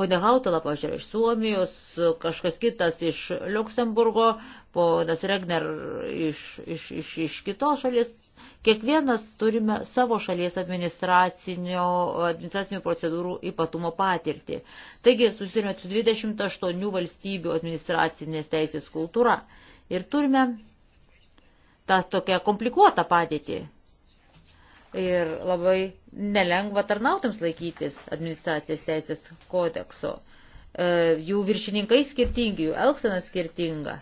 Pone Hautala, pažiūrėjau, iš Suomijos, kažkas kitas iš Luxemburgo, ponas Regner iš, iš, iš, iš kitos šalies. Kiekvienas turime savo šalies administracinio, administracinių procedūrų ypatumo patirtį. Taigi susirėmėt su 28 valstybių administracinės teisės kultūra. Ir turime tą tokią komplikuotą padėtį. Ir labai nelengva tarnautams laikytis administracijos teisės kodekso. E, jų viršininkai skirtingi, jų elgsena skirtinga.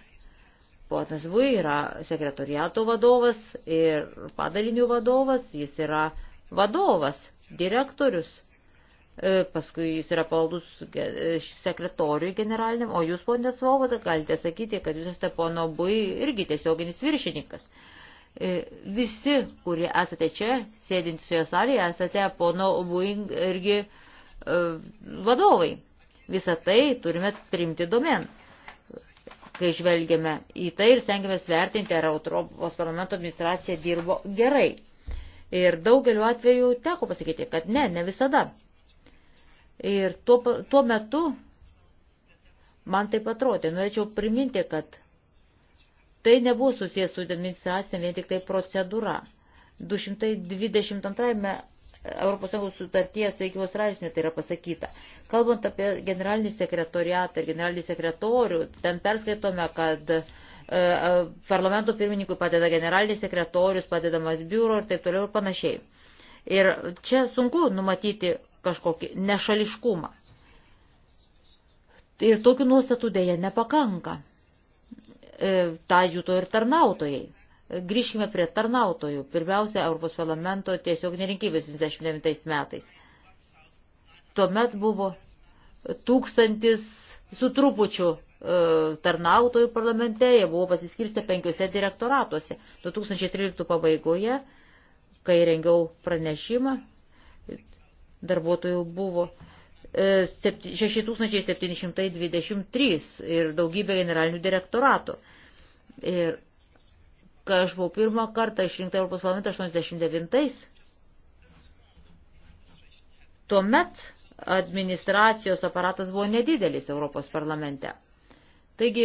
Ponas Vui yra sekretoriato vadovas ir padalinių vadovas, jis yra vadovas, direktorius E, paskui jis yra pavaldus e, sekretoriui generaliniam, o jūs, ponė Svoboda, galite sakyti, kad jūs esate pono Bui irgi tiesioginis viršininkas. E, visi, kurie esate čia, sėdintys šioje salėje, esate pono Bui irgi vadovai. Visą tai turime priimti domen. Kai žvelgiame į tai ir stengiamės vertinti, ar Europos parlamento administracija dirbo gerai. Ir daugeliu atveju teko pasakyti, kad ne, ne visada. Ir tuo, tuo metu man taip atrodė. Norėčiau priminti, kad tai nebuvo susijęs su administracinė vien tik tai procedūra. 222 ES sutarties veikimo straipsnė tai yra pasakyta. Kalbant apie generalinį sekretoriatą ir generalinį sekretorių, ten perskaitome, kad e, e, parlamento pirmininkui padeda generalinis sekretorius, padedamas biuro ir taip toliau ir panašiai. Ir čia sunku numatyti kažkokį nešališkumą. Ir tokių nuostatų dėja nepakanka. E, Ta jūto ir tarnautojai. E, grįžkime prie tarnautojų. Pirmiausia, Europos parlamento tiesiog nerinkybės 29 metais. Tuomet buvo tūkstantis su trupučiu e, tarnautojų parlamente, jie buvo pasiskirstę penkiuose direktoratuose. 2013 pabaigoje, kai rengiau pranešimą, darbuotojų buvo 6723 e, ir daugybė generalinių direktoratų. Ir kai aš buvau pirmą kartą išrinkta Europos parlamentą 89-ais, tuomet administracijos aparatas buvo nedidelis Europos parlamente. Taigi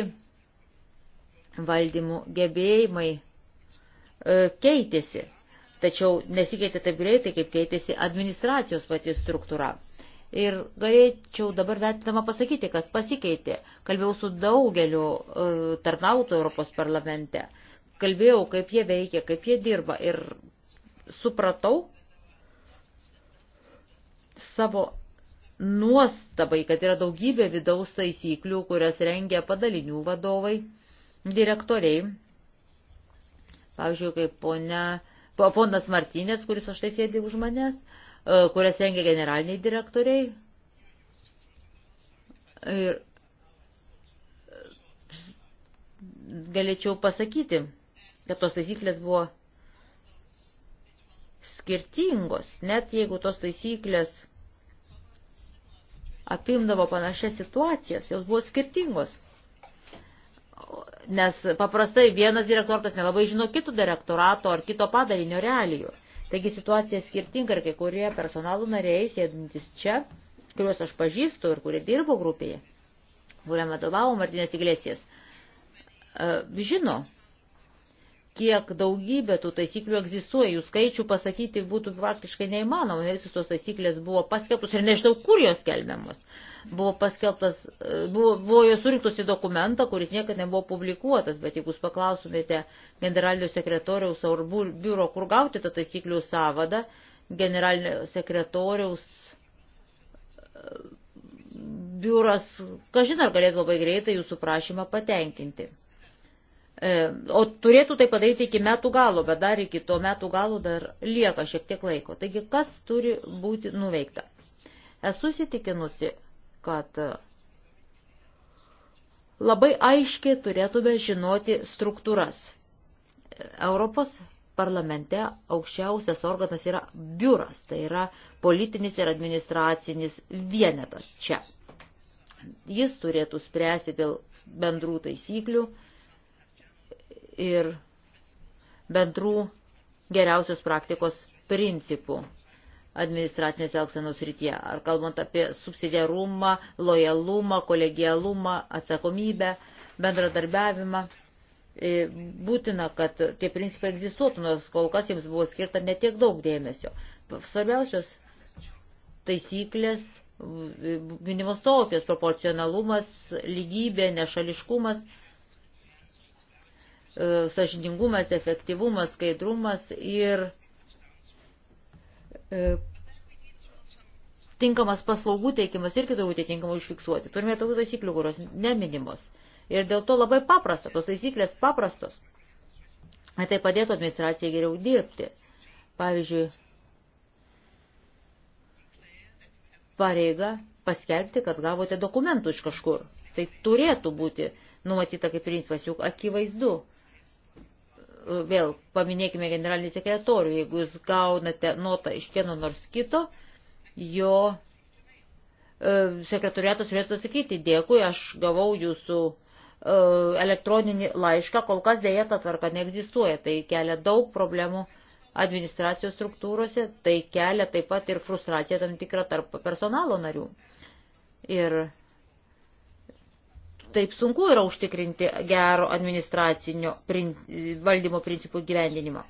valdymų gebėjimai e, keitėsi tačiau nesikeitė taip greitai, kaip keitėsi administracijos pati struktūra. Ir galėčiau dabar vertinama pasakyti, kas pasikeitė. Kalbėjau su daugeliu e, tarnautų Europos parlamente. Kalbėjau, kaip jie veikia, kaip jie dirba. Ir supratau savo nuostabai, kad yra daugybė vidaus taisyklių, kurias rengia padalinių vadovai, direktoriai. Pavyzdžiui, kaip ponia ponas Martinės, kuris aš tai sėdė už manęs, e, kurias rengia generaliniai direktoriai. Ir e, galėčiau pasakyti, kad tos taisyklės buvo skirtingos, net jeigu tos taisyklės apimdavo panašias situacijas, jos buvo skirtingos nes paprastai vienas direktoratas nelabai žino kito direktorato ar kito padalinio realijų. Taigi situacija skirtinga ir kai kurie personalų nariai, sėdintys čia, kuriuos aš pažįstu ir kurie dirbo grupėje, kuriam vadovavo Martinės Iglesijas, e, žino, kiek daugybė tų taisyklių egzistuoja. Jų skaičių pasakyti būtų praktiškai neįmanoma, nes visos taisyklės buvo paskelbtos ir nežinau, kur jos kelbiamos. Buvo paskelbtas, buvo, buvo jos surinktos į dokumentą, kuris niekada nebuvo publikuotas, bet jeigu jūs paklausumėte generalinio sekretoriaus ar biuro, kur gauti tą taisyklių savadą, generalinio sekretoriaus e, biuras, kažin ar galėtų labai greitai jūsų prašymą patenkinti. E, o turėtų tai padaryti iki metų galo, bet dar iki to metų galo dar lieka šiek tiek laiko. Taigi, kas turi būti nuveikta? Esu įsitikinusi, kad labai aiškiai turėtume žinoti struktūras. Europos parlamente aukščiausias organas yra biuras, tai yra politinis ir administracinis vienetas čia. Jis turėtų spręsti dėl bendrų taisyklių ir bendrų geriausios praktikos principų administracinės elgsenos rytyje, ar kalbant apie subsidiarumą, lojalumą, kolegialumą, atsakomybę, bendradarbiavimą. E, būtina, kad tie principai egzistuotų, nors kol kas jiems buvo skirta netiek daug dėmesio. Svarbiausios taisyklės minimos tokios proporcionalumas, lygybė, nešališkumas – E, sažiningumas, efektyvumas, skaidrumas ir e, tinkamas paslaugų teikimas irgi turbūt atitinkamai užfiksuoti. Turime tokių taisyklių, kurios neminimos. Ir dėl to labai paprasta, tos taisyklės paprastos. Tai padėtų administracijai geriau dirbti. Pavyzdžiui, pareiga paskelbti, kad gavote dokumentų iš kažkur. Tai turėtų būti numatyta kaip principas, juk akivaizdu, vėl paminėkime generalinį sekretorių, jeigu jūs gaunate notą iš kieno nors kito, jo e, sekretoriatas turėtų sakyti, dėkui, aš gavau jūsų e, elektroninį laišką, kol kas dėja ta tvarka neegzistuoja, tai kelia daug problemų administracijos struktūrose, tai kelia taip pat ir frustraciją tam tikrą tarp personalo narių. Ir taip sunku yra užtikrinti gero administracinio prin, valdymo principų gyvendinimą.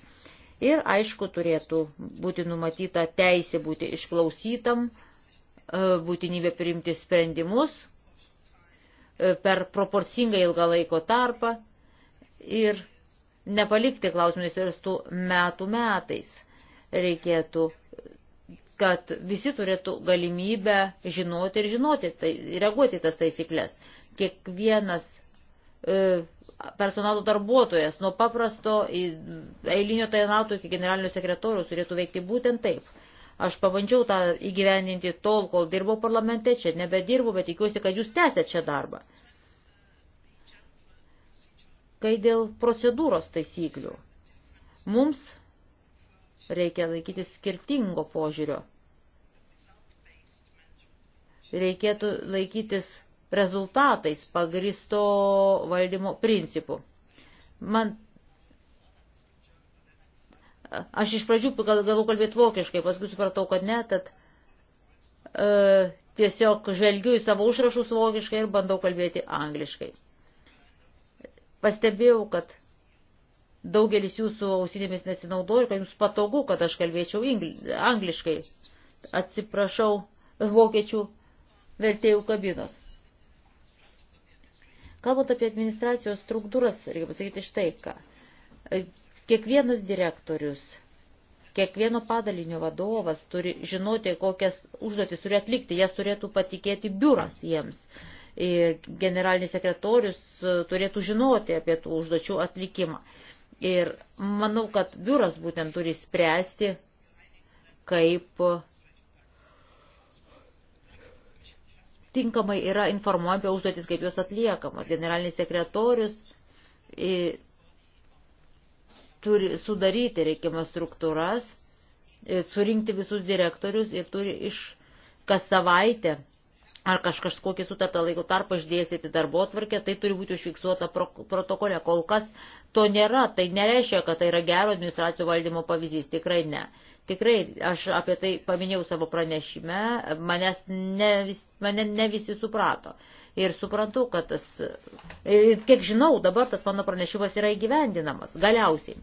Ir aišku, turėtų būti numatyta teisė būti išklausytam, e, būtinybė priimti sprendimus e, per proporcingą ilgą laiko tarpą ir nepalikti klausimais ir tų metų metais. Reikėtų kad visi turėtų galimybę žinoti ir žinoti, tai, reaguoti tas taisyklės kiekvienas e, personalo darbuotojas nuo paprasto eilinio tarnautojų iki generalinio sekretoriaus turėtų veikti būtent taip. Aš pabandžiau tą įgyvendinti tol, kol dirbau parlamente, čia nebedirbu, bet tikiuosi, kad jūs tęsėt čia darbą. Kai dėl procedūros taisyklių, mums reikia laikyti skirtingo požiūrio. Reikėtų laikytis rezultatais pagristo valdymo principu. Man aš iš pradžių gal, galų kalbėti vokiškai, paskui supratau, kad ne, tad e, tiesiog žvelgiu į savo užrašus vokiškai ir bandau kalbėti angliškai. Pastebėjau, kad daugelis jūsų ausinėmis nesinaudoju, kad jums patogu, kad aš kalbėčiau angliškai. Atsiprašau vokiečių vertėjų kabinos. Kalbant apie administracijos struktūras, reikia pasakyti štai ką. E, kiekvienas direktorius, kiekvieno padalinio vadovas turi žinoti, kokias užduotis turi atlikti, jas turėtų patikėti biuras jiems. Ir generalinis sekretorius e, turėtų žinoti apie tų užduočių atlikimą. Ir manau, kad biuras būtent turi spręsti, kaip tinkamai yra informuojami apie užduotis, kaip jos atliekamos. Generalinis sekretorius turi sudaryti reikiamas struktūras, surinkti visus direktorius ir turi iš kas savaitę ar kažkokį sutartą laiko tarpą išdėstyti darbo atvarkę, tai turi būti užfiksuota pro, protokole. Kol kas to nėra, tai nereiškia, kad tai yra gero administracijų valdymo pavyzdys, tikrai ne. Tikrai aš apie tai paminėjau savo pranešime, manęs ne, vis, mane ne visi suprato. Ir suprantu, kad tas, ir kiek žinau, dabar tas mano pranešimas yra įgyvendinamas, galiausiai.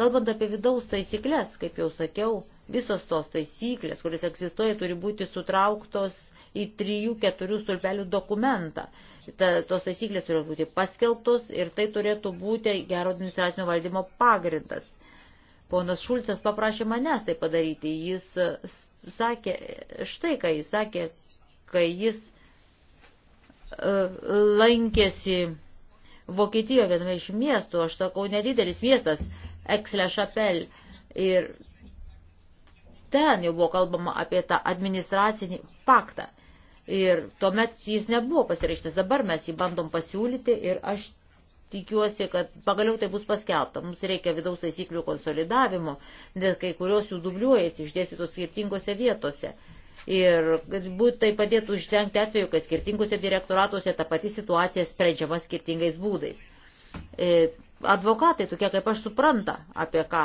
Kalbant apie vidaus taisyklės, kaip jau sakiau, visos tos taisyklės, kuris egzistuoja, turi būti sutrauktos į trijų, keturių stulpelių dokumentą. Ta, tos taisyklės turi būti paskelbtos ir tai turėtų būti gero administracinio valdymo pagrindas. Ponas Šulcas paprašė manęs tai padaryti. Jis sakė, štai ką jis sakė, kai jis e, lankėsi Vokietijoje viename iš miestų, aš sakau, nedidelis miestas, Eksle Šapel. Ir ten jau buvo kalbama apie tą administracinį paktą. Ir tuomet jis nebuvo pasirašytas, dabar mes jį bandom pasiūlyti ir aš tikiuosi, kad pagaliau tai bus paskelbta. Mums reikia vidaus taisyklių konsolidavimo, nes kai kurios jų dubliuojasi išdėstytos skirtingose vietose. Ir būt tai padėtų išvengti atveju, kai skirtingose direktoratuose ta pati situacija sprendžiama skirtingais būdais. E, advokatai tokie kaip aš supranta, apie ką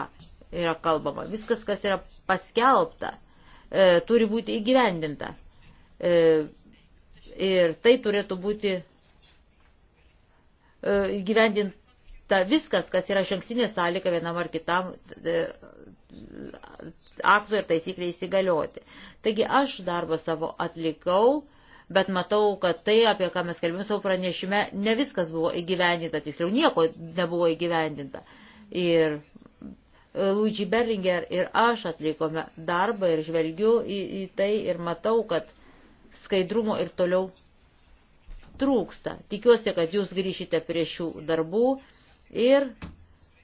yra kalbama. Viskas, kas yra paskelbta, e, turi būti įgyvendinta. E, ir tai turėtų būti E, įgyvendinta viskas, kas yra šankstinė sąlyga vienam ar kitam e, aktų ir taisykliai įsigalioti. Taigi aš darbą savo atlikau, bet matau, kad tai, apie ką mes kalbėjome savo pranešime, ne viskas buvo įgyvendinta, tiksliau nieko nebuvo įgyvendinta. Ir e, Luigi Berlinger ir aš atlikome darbą ir žvelgiu į, į tai ir matau, kad skaidrumo ir toliau trūksta. Tikiuosi, kad jūs grįšite prie šių darbų ir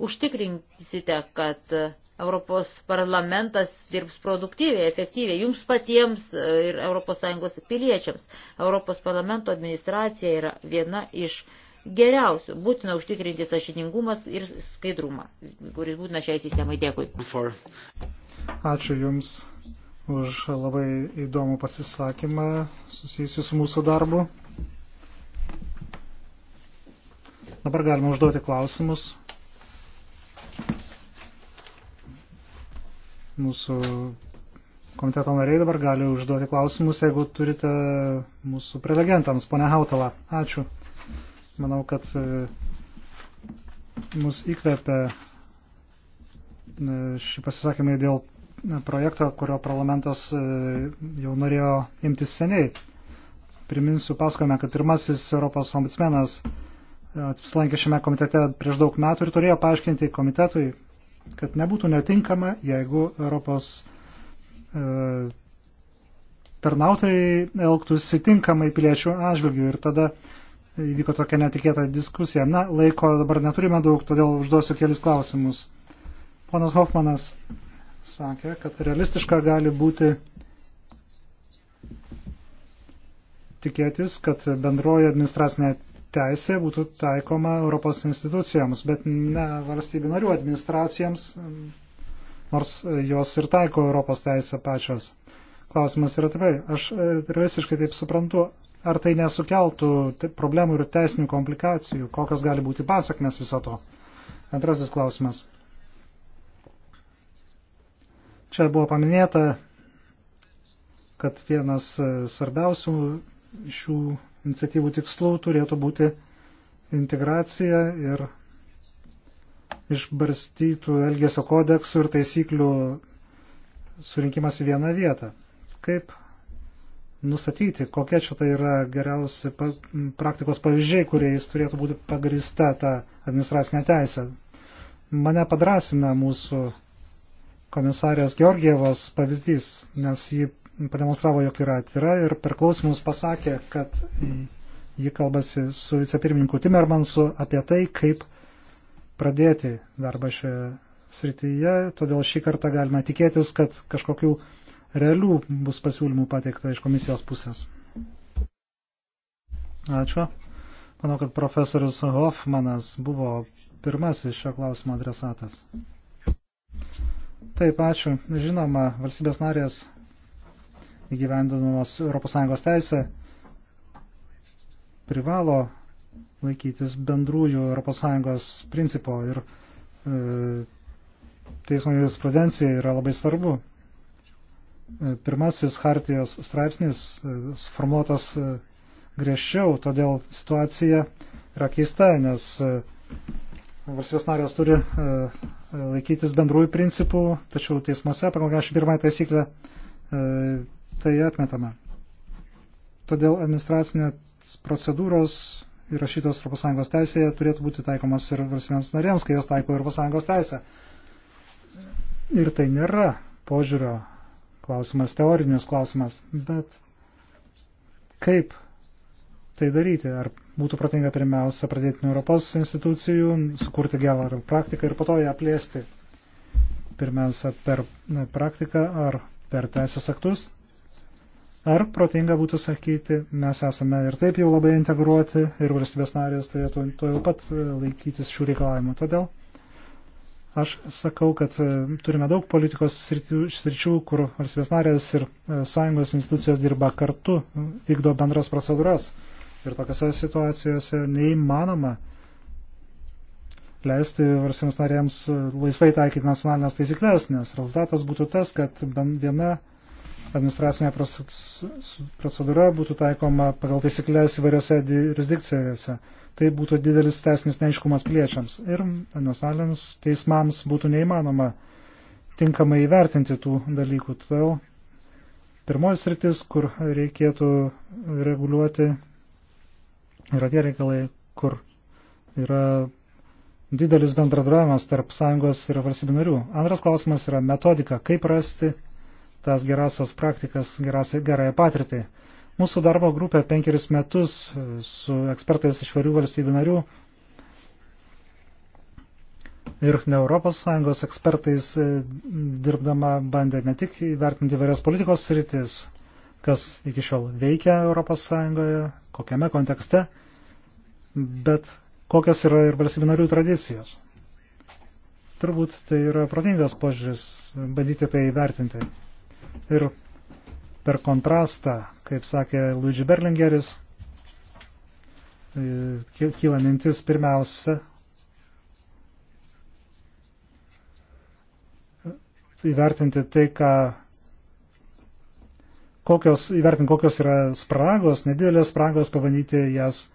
užtikrinsite, kad Europos parlamentas dirbs produktyviai, efektyviai jums patiems ir ES piliečiams. Europos parlamento administracija yra viena iš geriausių. Būtina užtikrinti sašiningumas ir skaidrumą, kuris būtina šiai sistemai. Dėkui. Ačiū Jums už labai įdomų pasisakymą susijusiu su mūsų darbu. Dabar galima užduoti klausimus. Mūsų komiteto nariai dabar gali užduoti klausimus, jeigu turite mūsų prelegentams. Pone Hautala, ačiū. Manau, kad e, mus įkvėpia e, šį pasisakymą dėl projekto, kurio parlamentas e, jau norėjo imtis seniai. Priminsiu, pasakome, kad pirmasis Europos ombudsmenas apsilankė šiame komitete prieš daug metų ir turėjo paaiškinti komitetui, kad nebūtų netinkama, jeigu Europos e, tarnautojai elgtųsi tinkamai piliečių atžvilgių. Ir tada įvyko tokia netikėta diskusija. Na, laiko dabar neturime daug, todėl užduosiu kelis klausimus. Ponas Hoffmanas sakė, kad realistiška gali būti tikėtis, kad bendroji administracinė teisė būtų taikoma Europos institucijoms, bet ne valstybių narių administracijoms, nors jos ir taiko Europos teisę pačios. Klausimas yra taip, aš visiškai taip suprantu, ar tai nesukeltų problemų ir teisinių komplikacijų, kokios gali būti pasakmes viso to. Antrasis klausimas. Čia buvo paminėta, kad vienas svarbiausių šių iniciatyvų tikslų turėtų būti integracija ir išbarstytų elgesio kodeksų ir taisyklių surinkimas į vieną vietą. Kaip nustatyti, kokie čia tai yra geriausi praktikos pavyzdžiai, kuriais turėtų būti pagrįsta ta administracinė teisė. Mane padrasina mūsų komisarės Georgievos pavyzdys, nes ji pademonstravo, jog yra atvira ir per klausimus pasakė, kad ji kalbasi su vicepirmininku Timermansu apie tai, kaip pradėti darbą šioje srityje. Todėl šį kartą galima tikėtis, kad kažkokių realių bus pasiūlymų pateikta iš komisijos pusės. Ačiū. Manau, kad profesorius Hoffmanas buvo pirmasis šio klausimo adresatas. Taip, ačiū. Žinoma, valstybės narės įgyvendinamas ES teisė, privalo laikytis bendrųjų ES principo ir e, teismo jurisprudencija yra labai svarbu. E, pirmasis Hartijos straipsnis e, suformuotas e, griežčiau, todėl situacija yra keista, nes valstybės narės turi laikytis bendrųjų principų, tačiau teismuose pagal 41 taisyklę tai atmetama. Todėl administracinės procedūros įrašytos ES teisėje turėtų būti taikomos ir valstybėms narėms, kai jos taiko ES teisę. Ir tai nėra požiūrio klausimas, teorinis klausimas, bet kaip tai daryti? Ar būtų protinga pirmiausia pradėti nuo Europos institucijų, sukurti gerą praktiką ir po to ją plėsti? Pirmiausia, per praktiką ar per teisės aktus? Ar protinga būtų sakyti, mes esame ir taip jau labai integruoti ir valstybės narės turėtų to jau pat e, laikytis šių reikalavimų. Todėl aš sakau, kad e, turime daug politikos sričių, kur valstybės narės ir e, sąjungos institucijos dirba kartu, vykdo bendras procedūras. Ir tokiose situacijose neįmanoma leisti valstybės narėms laisvai taikyti nacionalinės taisyklės, nes rezultatas būtų tas, kad bent viena administracinė procedūra būtų taikoma pagal taisyklės įvairiose jurisdikcijose. Tai būtų didelis teisinis neiškumas piliečiams ir nacionaliniams teismams būtų neįmanoma tinkamai įvertinti tų dalykų. Todėl pirmoji sritis, kur reikėtų reguliuoti, yra tie reikalai, kur yra didelis bendradarbiavimas tarp sąjungos ir valstybių narių. Antras klausimas yra metodika, kaip rasti tas gerasios praktikas, gerasią, gerąją patirtį. Mūsų darbo grupė penkeris metus e, su ekspertais iš varių valstybių narių ir ne ES ekspertais e, dirbdama bandė ne tik įvertinti įvairias politikos sritis, kas iki šiol veikia ES, kokiame kontekste, bet kokias yra ir valstybių narių tradicijos. Turbūt tai yra protingas požiūris bandyti tai įvertinti. Ir per kontrastą, kaip sakė Luigi Berlingeris, e, kyla mintis pirmiausia įvertinti tai, ką kokios, įvertinti, kokios yra spragos, nedidelės spragos, pabandyti jas e,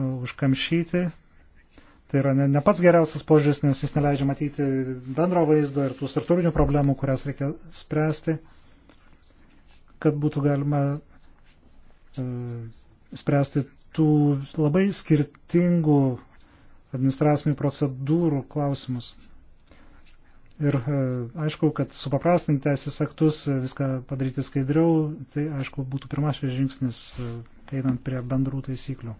užkamšyti Tai yra ne, ne pats geriausias požiūris, nes jis neleidžia matyti bendro vaizdo ir tų struktūrinių problemų, kurias reikia spręsti, kad būtų galima e, spręsti tų labai skirtingų administracinių procedūrų klausimus. Ir e, aišku, kad supaprastinti teisės aktus, e, viską padaryti skaidriau, tai aišku būtų pirmasis žingsnis e, einant prie bendrų taisyklių.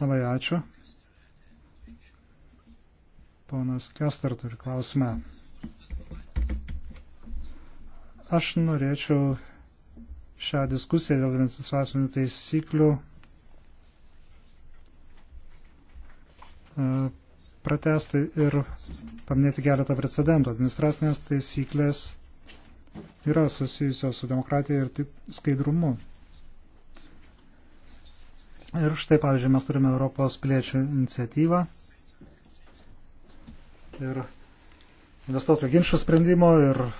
Labai ačiū. Ponas Kester turi klausimą. Aš norėčiau šią diskusiją dėl administracinių taisyklių e, pratesti ir paminėti keletą precedentų. Administracinės taisyklės yra susijusios su demokratija ir skaidrumu. Ir štai, pavyzdžiui, mes turime Europos piliečių iniciatyvą ir investuotojų ginčių sprendimo ir e,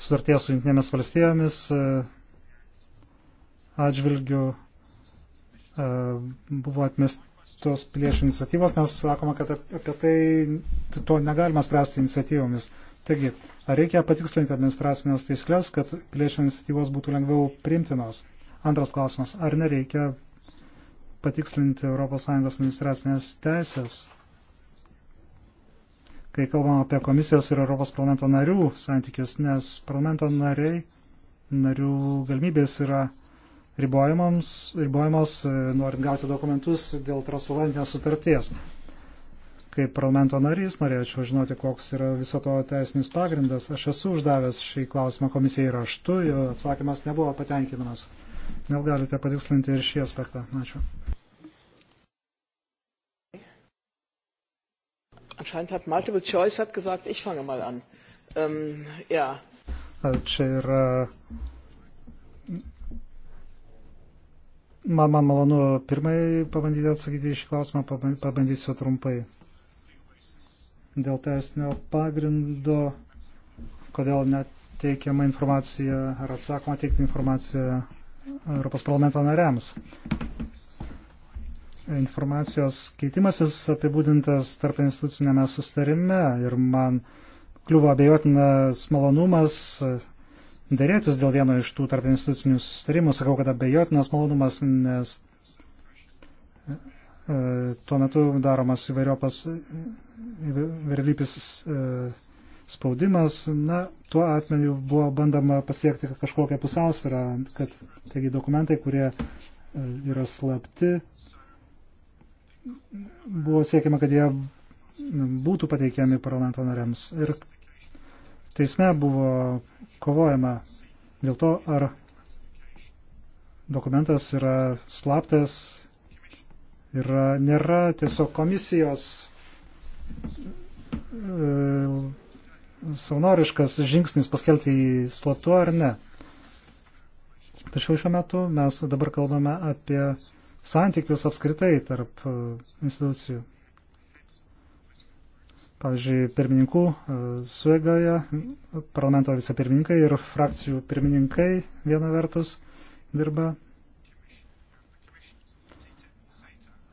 sutarties su jungtinėmis valstijomis e, atžvilgių e, buvo atmestos piliečių iniciatyvos, nes sakoma, kad apie tai to negalima spręsti iniciatyvomis. Taigi, ar reikia patikslinti administracinės taisyklės, kad piliečių iniciatyvos būtų lengviau priimtinos? Antras klausimas, ar nereikia patikslinti ES administracinės teisės, kai kalbam apie komisijos ir Europos parlamento narių santykius, nes parlamento nariai, narių galimybės yra ribojamos, norint gauti dokumentus dėl transatlantinės sutarties. Kaip parlamento narys norėčiau žinoti, koks yra viso to teisinis pagrindas. Aš esu uždavęs šį klausimą komisijai raštu, jo atsakymas nebuvo patenkinamas. Gal galite patikslinti ir šį aspektą? Ačiū. Anscheinend hat Multiple Choice hat gesagt, ich fange mal an. Ähm, ja. Čia yra Man, man malonu pirmai pabandyti atsakyti iš klausimą, pabandysiu trumpai. Dėl teisinio pagrindo, kodėl neteikiama informacija ar atsakoma teikti informaciją Europos parlamento nariams. Informacijos keitimasis apibūdintas tarp institucinėme sustarime ir man kliuvo abejotinas malonumas dėrėtis dėl vieno iš tų tarp institucinių sustarimų. Sakau, kad abejotinas malonumas, nes e, tuo metu daromas įvairiopas įvairlypis e, spaudimas, na, tuo atmeniu buvo bandama pasiekti kažkokią pusiausvyrą, kad, taigi, dokumentai, kurie e, yra slapti, buvo siekiama, kad jie būtų pateikiami parlamento nariams. Ir teisme buvo kovojama dėl to, ar dokumentas yra slaptas, yra, nėra tiesiog komisijos e, savanoriškas žingsnis paskelbti jį slaptu ar ne. Tačiau šiuo metu mes dabar kalbame apie santykius apskritai tarp e, institucijų. Pavyzdžiui, pirmininkų e, suėgoje, parlamento vicepirmininkai ir frakcijų pirmininkai viena vertus dirba.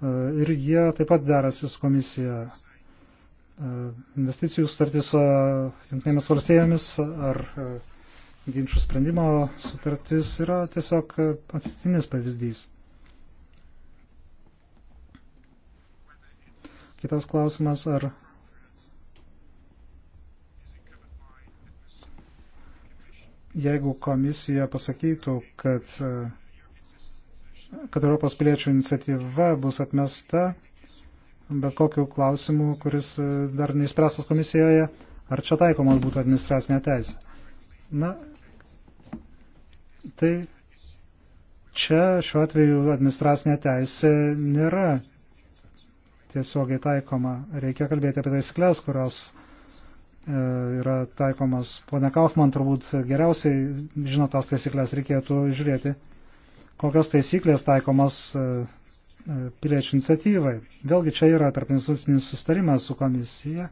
E, ir jie taip pat derasi su komisija E, investicijų sutartį su jungtinėmis valstybėmis ar e, ginčių sprendimo sutartis yra tiesiog atsitinis pavyzdys. Kitas klausimas, ar jeigu komisija pasakytų, kad, e, kad Europos piliečių iniciatyva bus atmesta, bet kokiu klausimu, kuris e, dar neįspręstas komisijoje, ar čia taikomas būtų administracinė teisė. Na, tai čia šiuo atveju administracinė teisė nėra tiesiogiai taikoma. Reikia kalbėti apie taisyklės, kurios e, yra taikomas. Pone Kaufman turbūt geriausiai žino tas taisyklės, reikėtų žiūrėti, kokios taisyklės taikomas e, piliečių iniciatyvai. Vėlgi čia yra tarp institucinis sustarimas su komisija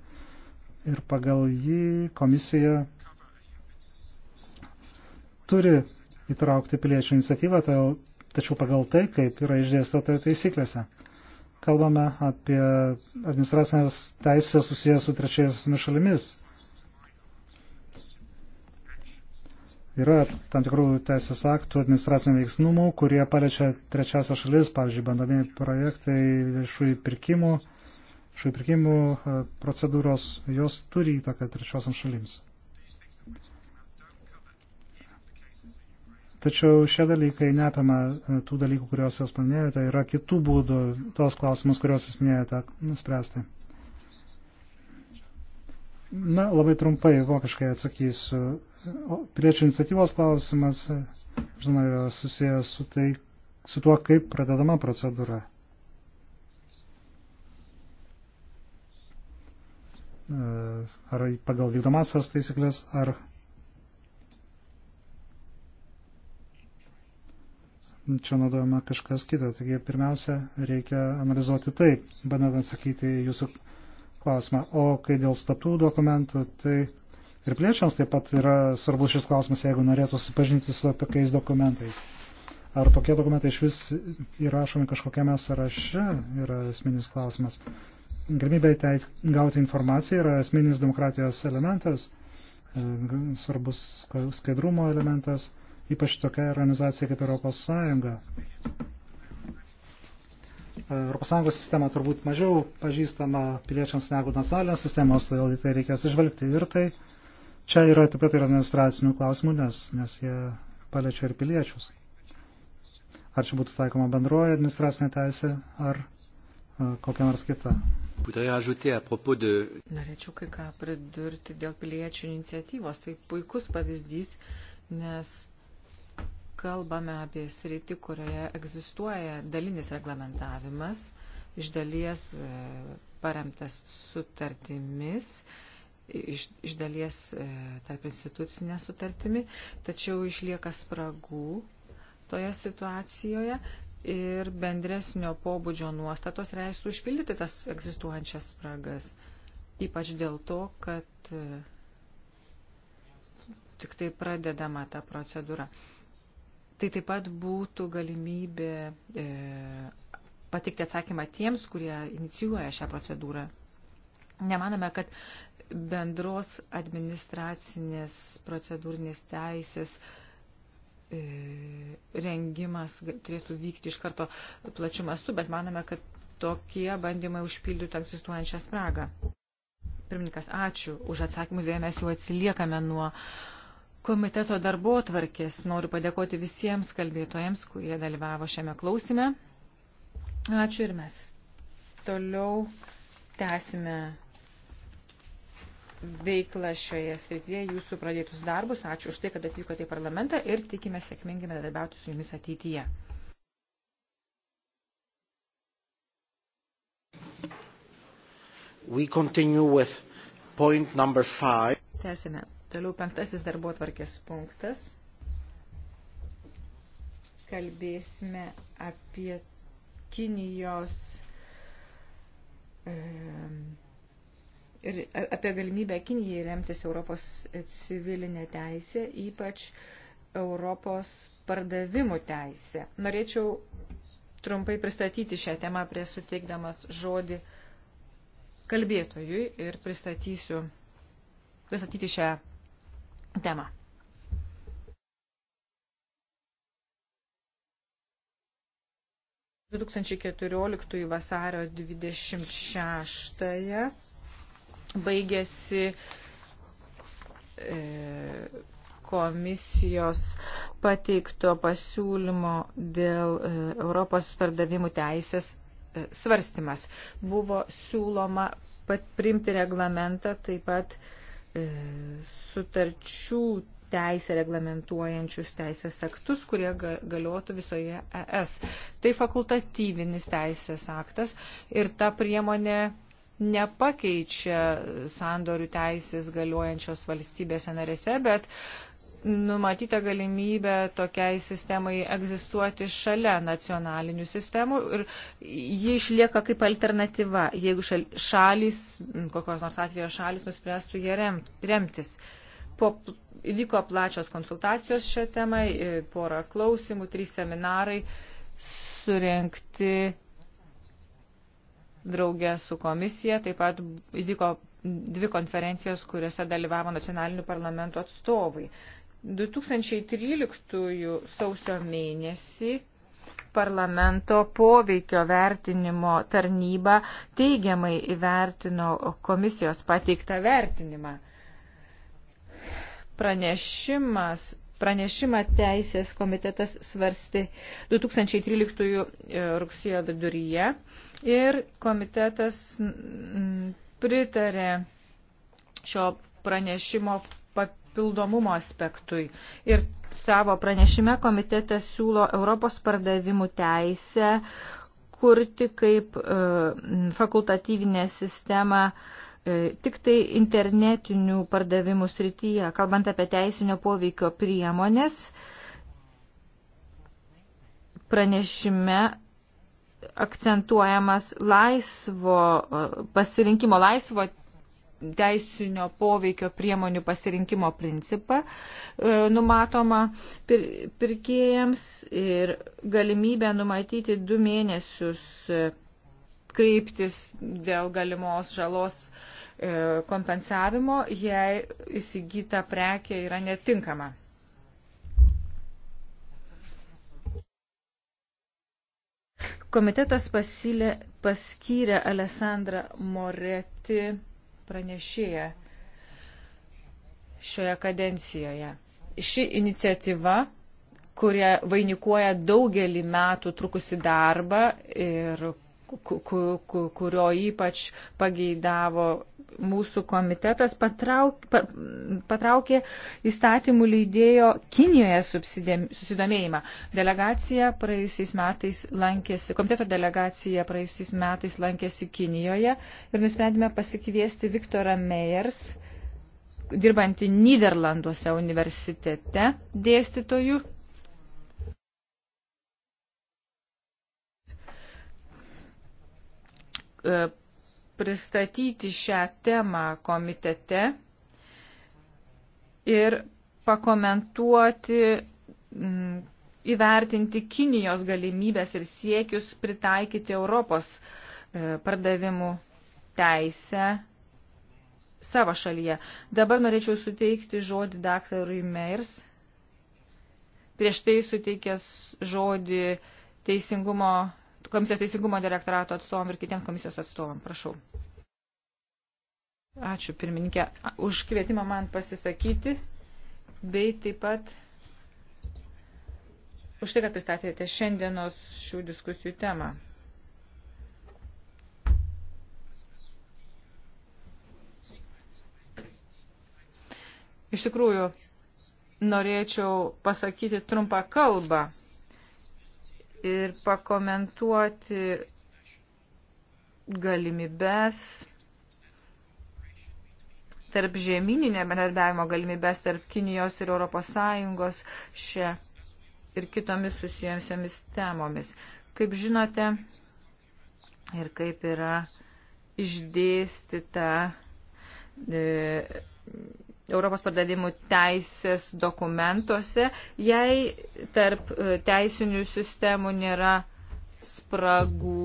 ir pagal jį komisija turi įtraukti piliečių iniciatyvą, tai- tačiau pagal tai, kaip yra išdėstota taisyklėse. Kalbame apie administracinės teisės susijęs su trečiais šalimis. Yra tam tikrų teisės aktų administracinių veiksmumų, kurie paliečia trečiasias šalis, pavyzdžiui, bandomi projektai viešųjų pirkimų, viešųjų pirkimų e, procedūros, jos turi įtaką trečiosiam šalims. Tačiau šie dalykai neapima e, tų dalykų, kuriuos jūs paminėjote, yra kitų būdų tos klausimus, kuriuos jūs minėjote, spręsti. Na, labai trumpai vokiškai atsakysiu. Priečio iniciatyvos klausimas, žinoma, susijęs su, tai, su tuo, kaip pradedama procedūra. Ar pagal vykdomasias taisyklės, ar čia naudojama kažkas kita. Taigi, pirmiausia, reikia analizuoti taip, bandant atsakyti jūsų klausimą klausimą. O kai dėl statų dokumentų, tai ir pliečiams taip pat yra svarbus šis klausimas, jeigu norėtų susipažinti su tokiais dokumentais. Ar tokie dokumentai iš vis įrašomi kažkokiame sąraše yra esminis klausimas. Galimybė gauti informaciją yra esminis demokratijos elementas, e, svarbus skaidrumo elementas, ypač tokia organizacija kaip Europos Sąjunga. ES sistema turbūt mažiau pažįstama piliečiams negu nacionalinės sistemos, todėl į tai reikės išvelgti. Ir tai čia yra taip pat ir administracinių klausimų, nes, nes jie paliečia ir piliečius. Ar čia būtų taikoma bendroji administracinė teisė, ar kokia nors kita. Norėčiau kai ką pridurti dėl piliečių iniciatyvos. Tai puikus pavyzdys, nes kalbame apie sritį, kurioje egzistuoja dalinis reglamentavimas, iš dalies e, paremtas sutartimis, iš, iš dalies e, tarp institucinė sutartimi, tačiau išlieka spragų toje situacijoje ir bendresnio pobūdžio nuostatos reistų užpildyti tas egzistuojančias spragas. Ypač dėl to, kad e, tik tai pradedama ta procedūra. Tai taip pat būtų galimybė e, patikti atsakymą tiems, kurie inicijuoja šią procedūrą. Nemaname, kad bendros administracinės procedūrinės teisės e, rengimas turėtų vykti iš karto plačiu mastu, bet manome, kad tokie bandymai užpildytų egzistuojančią spragą. Pirmininkas, ačiū už atsakymus, jei mes jau atsiliekame nuo uh, komiteto darbo tvarkės. Noriu padėkoti visiems kalbėtojams, kurie dalyvavo šiame klausime. Ačiū ir mes toliau tęsime veiklą šioje srityje, jūsų pradėtus darbus. Ačiū už tai, kad atvykote į parlamentą ir tikime sėkmingai bendradarbiauti su jumis ateityje. We continue with point number five. Tęsime Toliau penktasis darbo atvarkės punktas. Kalbėsime apie Kinijos ir apie galimybę Kinijai remtis Europos civilinę teisę, ypač Europos pardavimų teisę. Norėčiau trumpai pristatyti šią temą prieš suteikdamas žodį kalbėtojui ir pristatysiu pristatyti šią temą. – 2014 vasario 26 baigėsi e, komisijos pateikto pasiūlymo dėl e, Europos pardavimų teisės e, svarstymas. Buvo siūloma pat priimti reglamentą taip pat e, E, sutarčių teisę reglamentuojančius teisės aktus, kurie galiotų visoje ES. Tai fakultatyvinis teisės aktas ir ta priemonė nepakeičia sandorių teisės galiojančios valstybėse narėse, bet uh, numatyta galimybė tokiai sistemai egzistuoti šalia nacionalinių sistemų ir ji išlieka kaip alternatyva, jeigu šalis, kokios nors atvejo šalis, nuspręstų jie remtis. Po, įvyko plačios konsultacijos šią temą, pora klausimų, trys seminarai surenkti draugė su komisija, taip pat įvyko dvi konferencijos, kuriuose dalyvavo nacionalinių parlamentų atstovai. 2013 sausio mėnesį parlamento poveikio vertinimo tarnyba teigiamai įvertino komisijos pateiktą vertinimą. Pranešimas, pranešimą teisės komitetas svarsti 2013 e, rugsėjo viduryje ir komitetas pritarė šio pranešimo papildomumo aspektui. Ir savo pranešime komitetas siūlo Europos pardavimų teisę kurti kaip e, fakultatyvinę sistemą e, tik tai internetinių pardavimų srityje, kalbant apie teisinio poveikio priemonės. Pranešime akcentuojamas laisvo e, pasirinkimo, laisvo teisinio poveikio priemonių pasirinkimo principą e, numatoma pir, pirkėjams ir galimybę numatyti du mėnesius e, kreiptis dėl galimos žalos e, kompensavimo, jei įsigyta prekė yra netinkama. Komitetas pasilė, paskyrė Alessandrą Moretti pranešėja šioje kadencijoje. Ši iniciatyva, kurie vainikuoja daugelį metų trukusi darbą ir kurio ypač pageidavo mūsų komitetas patrauk, pa, patraukė įstatymų leidėjo Kinijoje susidomėjimą. Delegacija praėjusiais metais lankėsi, komiteto delegacija praėjusiais metais lankėsi Kinijoje ir nusprendėme pasikviesti Viktorą Meyers, dirbantį Niderlanduose universitete dėstytojų. E, pristatyti šią temą komitete ir pakomentuoti, mm, įvertinti Kinijos galimybės ir siekius pritaikyti Europos e, pardavimų teisę savo šalyje. Dabar norėčiau suteikti žodį daktarui Meirs. Prieš tai suteikęs žodį Teisingumo komisijos teisingumo direktorato atstovam ir kitiems komisijos atstovam. Prašau. Ačiū pirmininkė už kvietimą man pasisakyti, bei taip pat už tai, kad pristatėte šiandienos šių diskusijų temą. Iš tikrųjų, norėčiau pasakyti trumpą kalbą ir pakomentuoti galimybės tarp žemyninio bendradarbiavimo galimybės tarp Kinijos ir Europos Sąjungos šia ir kitomis susijusiamis temomis. Kaip žinote ir kaip yra išdėstyta e, Europos pardavimų teisės dokumentuose, jei tarp e, teisinių sistemų nėra spragų,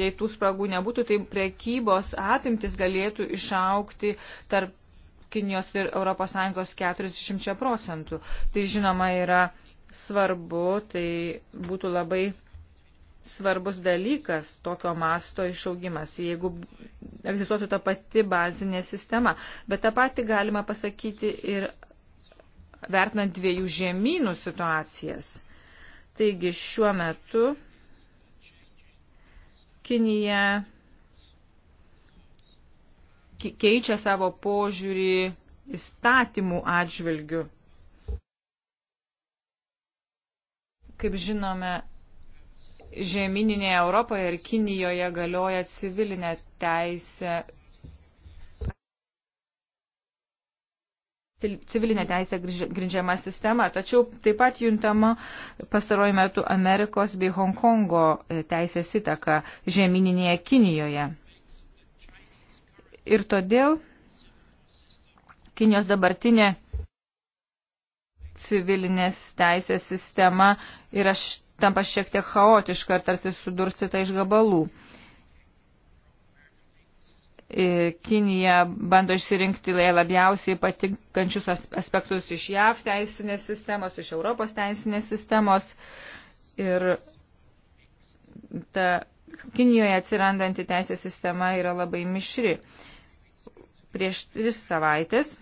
jei tų spragų nebūtų, tai prekybos apimtis galėtų išaukti tarp Kinijos ir ES 40 procentų. Tai žinoma yra svarbu, tai būtų labai svarbus dalykas tokio masto išaugimas, jeigu egzistuotų ta pati bazinė sistema. Bet tą patį galima pasakyti ir vertinant dviejų žemynų situacijas. Taigi šiuo metu Kinija keičia savo požiūrį įstatymų atžvilgių. Kaip žinome, žemyninėje Europoje ir Kinijoje galioja civilinė teisė. civilinė teisė grindžiama sistema, tačiau taip pat juntama pastaruoju metu Amerikos bei Hongkongo e, teisės įtaka žemyninėje Kinijoje. Ir todėl Kinijos dabartinė civilinės teisės sistema yra tampa šiek tiek chaotiška ir tarsi sudurstita iš gabalų. E, Kinija bando išsirinkti labiausiai patinkančius aspektus iš JAV teisinės sistemos, iš Europos teisinės sistemos ir ta Kinijoje atsirandanti teisės sistema yra labai mišri. Prieš tris savaitės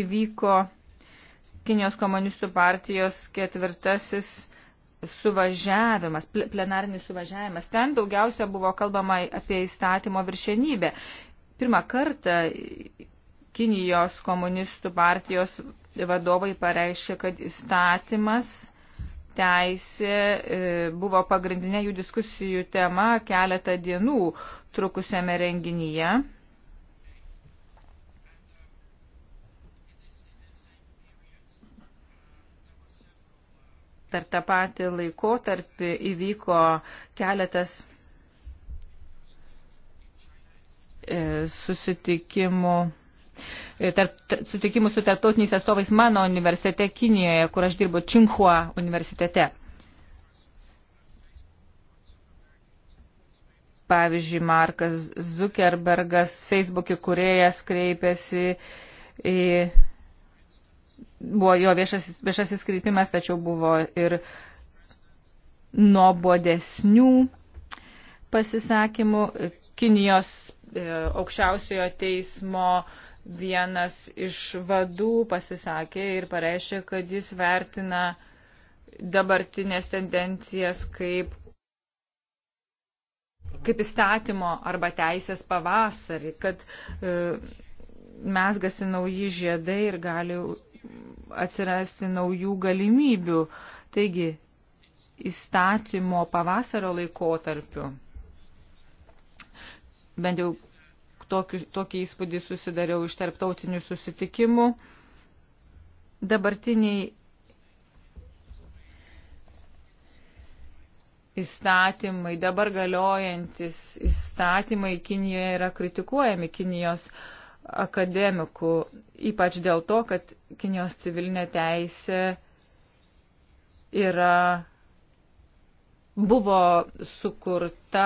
įvyko Kinijos komunistų partijos ketvirtasis suvažiavimas, plenarinis suvažiavimas. Ten daugiausia buvo kalbama apie įstatymo viršenybę. Pirmą kartą Kinijos komunistų partijos vadovai pareiškė, kad įstatymas teisė e, buvo pagrindinė jų diskusijų tema keletą dienų trukusiame renginyje. per tą patį laikotarpį įvyko keletas e, susitikimų. E, tarp, sutikimų su tarptautiniais atstovais mano universitete Kinijoje, kur aš dirbu Činhua universitete. Pavyzdžiui, Markas Zuckerbergas, Facebook įkūrėjas, kreipėsi į buvo jo viešasis, viešasis kreipimas, tačiau buvo ir nuobodesnių pasisakymų. Kinijos e, aukščiausiojo teismo vienas iš vadų pasisakė ir pareiškė, kad jis vertina dabartinės tendencijas kaip, kaip įstatymo arba teisės pavasarį, kad e, mesgasi nauji žiedai ir gali atsirasti naujų galimybių. Taigi, įstatymo pavasario laikotarpiu, bent jau tokį, tokį įspūdį susidariau iš tarptautinių susitikimų, dabartiniai įstatymai, dabar galiojantis įstatymai Kinijoje yra kritikuojami Kinijos uh, akademikų, ypač dėl to, kad Kinijos civilinė teisė yra buvo sukurta,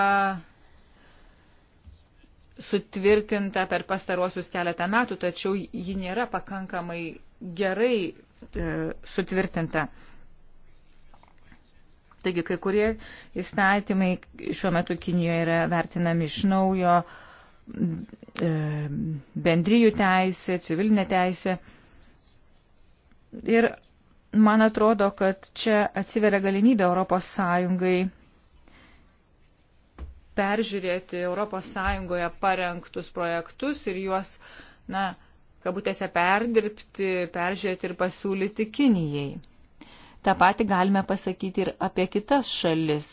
sutvirtinta per pastaruosius keletą metų, tačiau ji nėra pakankamai gerai e, sutvirtinta. Taigi, kai kurie įstatymai šiuo metu Kinijoje yra vertinami iš naujo, e, E, bendryjų teisė, civilinė teisė. Ir man atrodo, kad čia atsiveria galimybė Europos Sąjungai peržiūrėti Europos Sąjungoje parengtus projektus ir juos, na, kabutėse perdirbti, peržiūrėti ir pasiūlyti Kinijai. Ta pati galime pasakyti ir apie kitas šalis.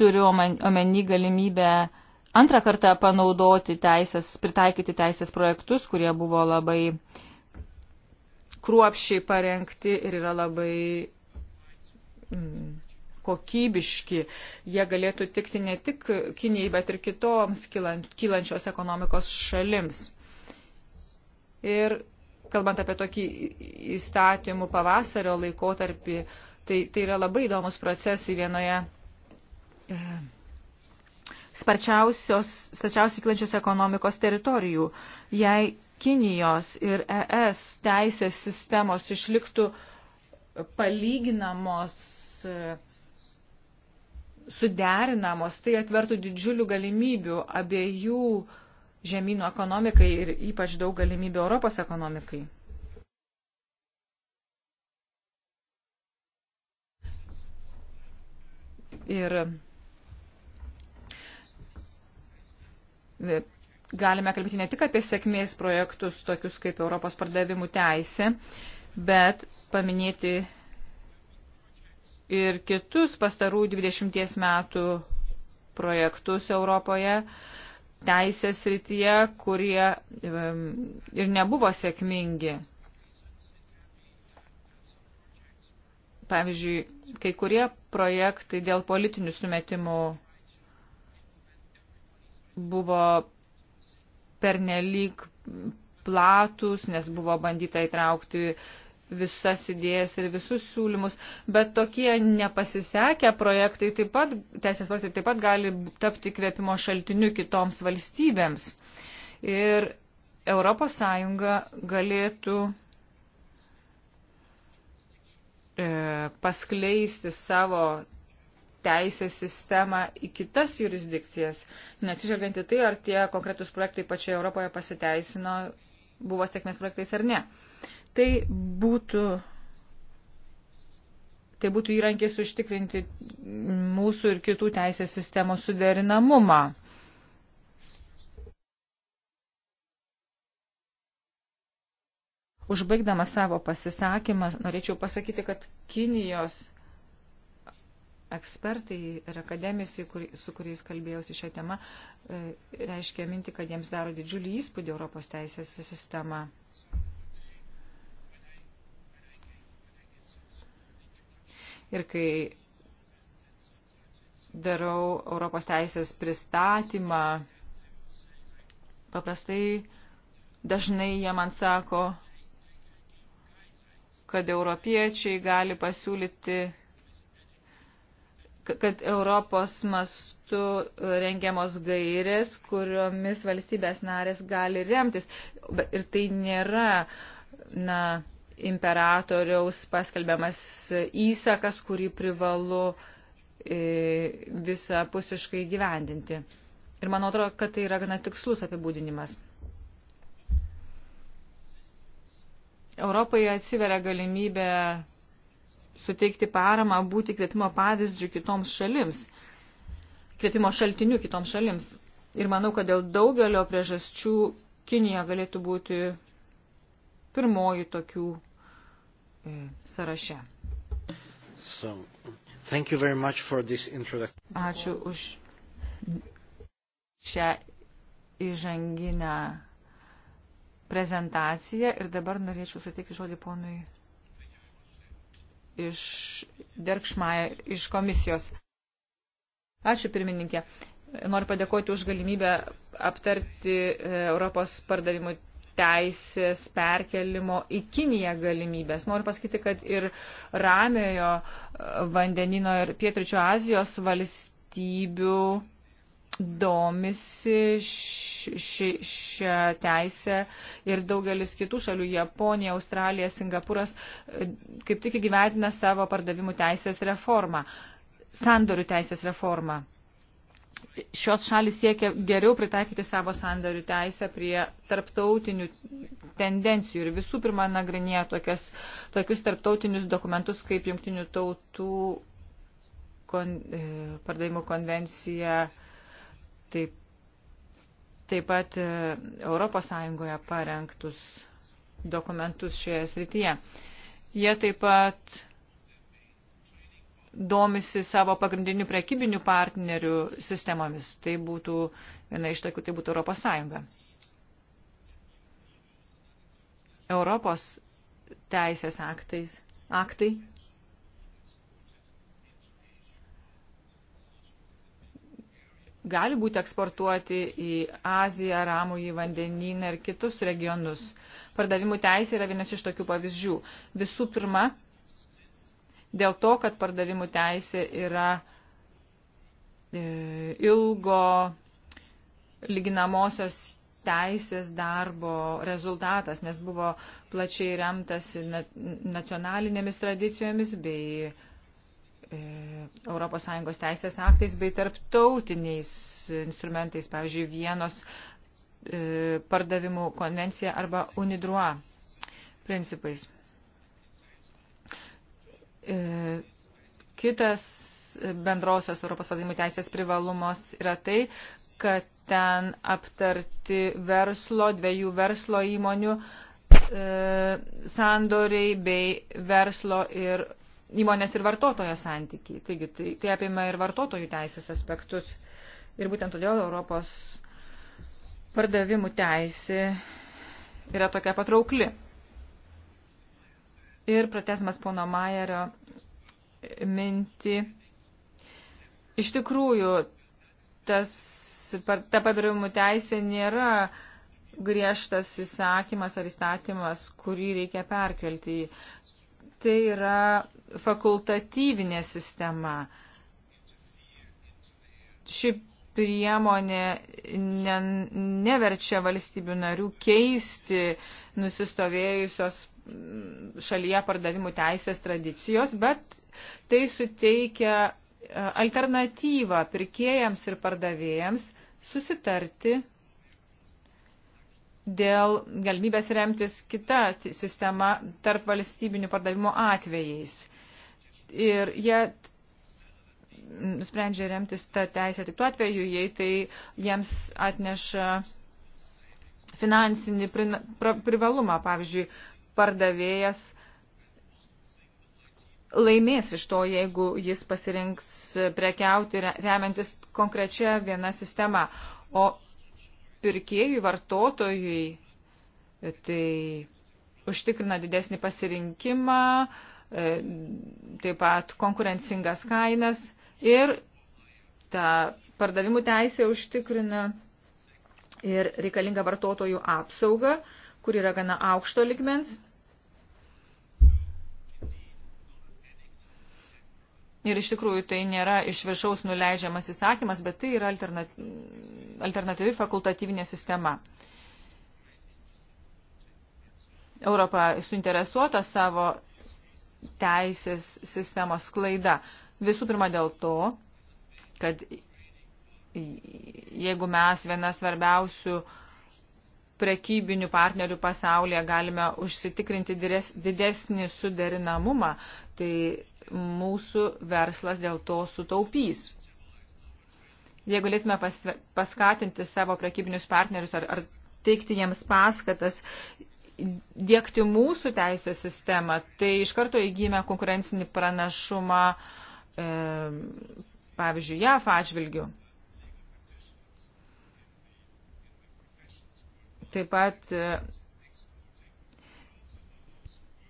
Turiu omeny galimybę antrą kartą panaudoti teisės, pritaikyti teisės projektus, kurie buvo labai kruopšiai parengti ir yra labai mm, kokybiški. Jie galėtų tikti ne tik Kinijai, bet ir kitoms kylančios ekonomikos šalims. Ir kalbant apie tokį įstatymų pavasario laikotarpį, tai, tai yra labai įdomus procesai vienoje. E, sparčiausiai kilančios ekonomikos teritorijų. Jei Kinijos ir ES teisės sistemos išliktų palyginamos, e, suderinamos, tai atvertų didžiulių galimybių abiejų žemynų ekonomikai ir ypač daug galimybių Europos ekonomikai. Ir E, galime kalbėti ne tik apie sėkmės projektus, tokius kaip Europos pardavimų teisė, bet paminėti ir kitus pastarų 20 metų projektus Europoje teisės rytyje, kurie e, ir nebuvo sėkmingi. Pavyzdžiui, kai kurie projektai dėl politinių sumetimų buvo pernelyg platus, nes buvo bandyta įtraukti visas idėjas ir visus siūlymus, bet tokie nepasisekę projektai taip pat, teisės projektai taip pat gali tapti kvėpimo šaltiniu kitoms valstybėms. Ir ES galėtų e, paskleisti savo teisės sistemą į kitas jurisdikcijas, neatsižvelgiant į tai, ar tie konkretus projektai pačioje Europoje pasiteisino, buvo sėkmės projektais ar ne. Tai būtų, tai būtų įrankis užtikrinti mūsų ir kitų teisės sistemos suderinamumą. Užbaigdama savo pasisakymą, norėčiau pasakyti, kad Kinijos Ekspertai ir akademikai, kur, su kuriais kalbėjausi šią temą, e, reiškia minti, kad jiems daro didžiulį įspūdį Europos teisės sistema. Ir kai darau Europos teisės pristatymą, paprastai dažnai jie man sako, kad europiečiai gali pasiūlyti kad Europos mastu rengiamos gairės, kuriomis valstybės narės gali remtis. Ir tai nėra, na, imperatoriaus paskelbiamas įsakas, kurį privalu e, visapusiškai gyvendinti. Ir man atrodo, kad tai yra gana tikslus apibūdinimas. Europoje atsiveria galimybė suteikti paramą būti kvietimo pavyzdžių kitoms šalims, kvietimo šaltinių kitoms šalims. Ir manau, kad dėl daugelio priežasčių Kinija galėtų būti pirmoji tokių e, sąraše. So, Ačiū už šią įžanginę prezentaciją ir dabar norėčiau suteikti žodį ponui iš Derkšmaja iš komisijos. Ačiū pirmininkė. Noriu padėkoti už galimybę aptarti e, Europos pardavimų teisės perkelimo į Kiniją galimybės. Noriu pasakyti, kad ir Ramiojo e, vandenino ir Pietričio Azijos valstybių domisi šią teisę ir daugelis kitų šalių - Japonija, Australija, Singapūras e, - kaip tik įgyvetina savo pardavimų teisės reformą, sandorių teisės reformą. Šios šalis siekia geriau pritaikyti savo sandorių teisę prie tarptautinių tendencijų ir visų pirma nagrinėja tokias, tokius tarptautinius dokumentus kaip jungtinių tautų kon, e, pardavimų konvencija taip, taip pat ES parengtus dokumentus šioje srityje. Jie taip pat domisi savo pagrindinių prekybinių partnerių sistemomis. Tai būtų viena iš tokių, tai būtų Europos Sąjunga. Europos teisės aktais, aktai gali būti eksportuoti į Aziją, Ramų, į vandenyną ir kitus regionus. Pardavimų teisė yra vienas iš tokių pavyzdžių. Visų pirma, dėl to, kad pardavimų teisė yra e, ilgo lyginamosios teisės darbo rezultatas, nes buvo plačiai remtas nacionalinėmis tradicijomis bei ES teisės aktais bei tarptautiniais instrumentais, pavyzdžiui, vienos e, pardavimų konvencija arba UNIDROA principais. E, kitas bendrosios Europos pardavimų teisės privalumas yra tai, kad ten aptarti verslo, dviejų verslo įmonių e, sandoriai bei verslo ir įmonės ir vartotojo santykiai. Taigi tai, tai apima ir vartotojų teisės aspektus. Ir būtent todėl Europos pardavimų teisė yra tokia patraukli. Ir pratesimas pono Majerio minti. Iš tikrųjų, tas, ta padarimų teisė nėra griežtas įsakymas ar įstatymas, kurį reikia perkelti į tai yra fakultatyvinė sistema. Ši priemonė ne, neverčia valstybių narių keisti nusistovėjusios šalyje pardavimų teisės tradicijos, bet tai suteikia e, alternatyvą pirkėjams ir pardavėjams susitarti dėl galimybės remtis kita sistema tarp valstybinių pardavimo atvejais. Ir jie nusprendžia remtis tą teisę tik tuo atveju, jei tai jiems atneša finansinį privalumą. Pavyzdžiui, pardavėjas laimės iš to, jeigu jis pasirinks prekiauti remiantis konkrečia viena sistema. O pirkėjui, vartotojui. Tai užtikrina didesnį pasirinkimą, e, taip pat konkurencingas kainas ir ta pardavimų teisė užtikrina ir reikalingą vartotojų apsaugą, kur yra gana aukšto ligmens Ir iš tikrųjų tai nėra iš viršaus nuleidžiamas įsakymas, bet tai yra alternatyvi fakultatyvinė sistema. Europa suinteresuota savo teisės sistemos klaida. Visų pirma dėl to, kad jeigu mes viena svarbiausių prekybinių partnerių pasaulyje galime užsitikrinti didesnį suderinamumą, tai mūsų verslas dėl to sutaupys. Jei galėtume pas, paskatinti savo prekybinius partnerius ar, ar teikti jiems paskatas, dėkti mūsų teisės sistemą, tai iš karto įgyme konkurencinį pranašumą, e, pavyzdžiui, JAF atžvilgių. Taip pat e,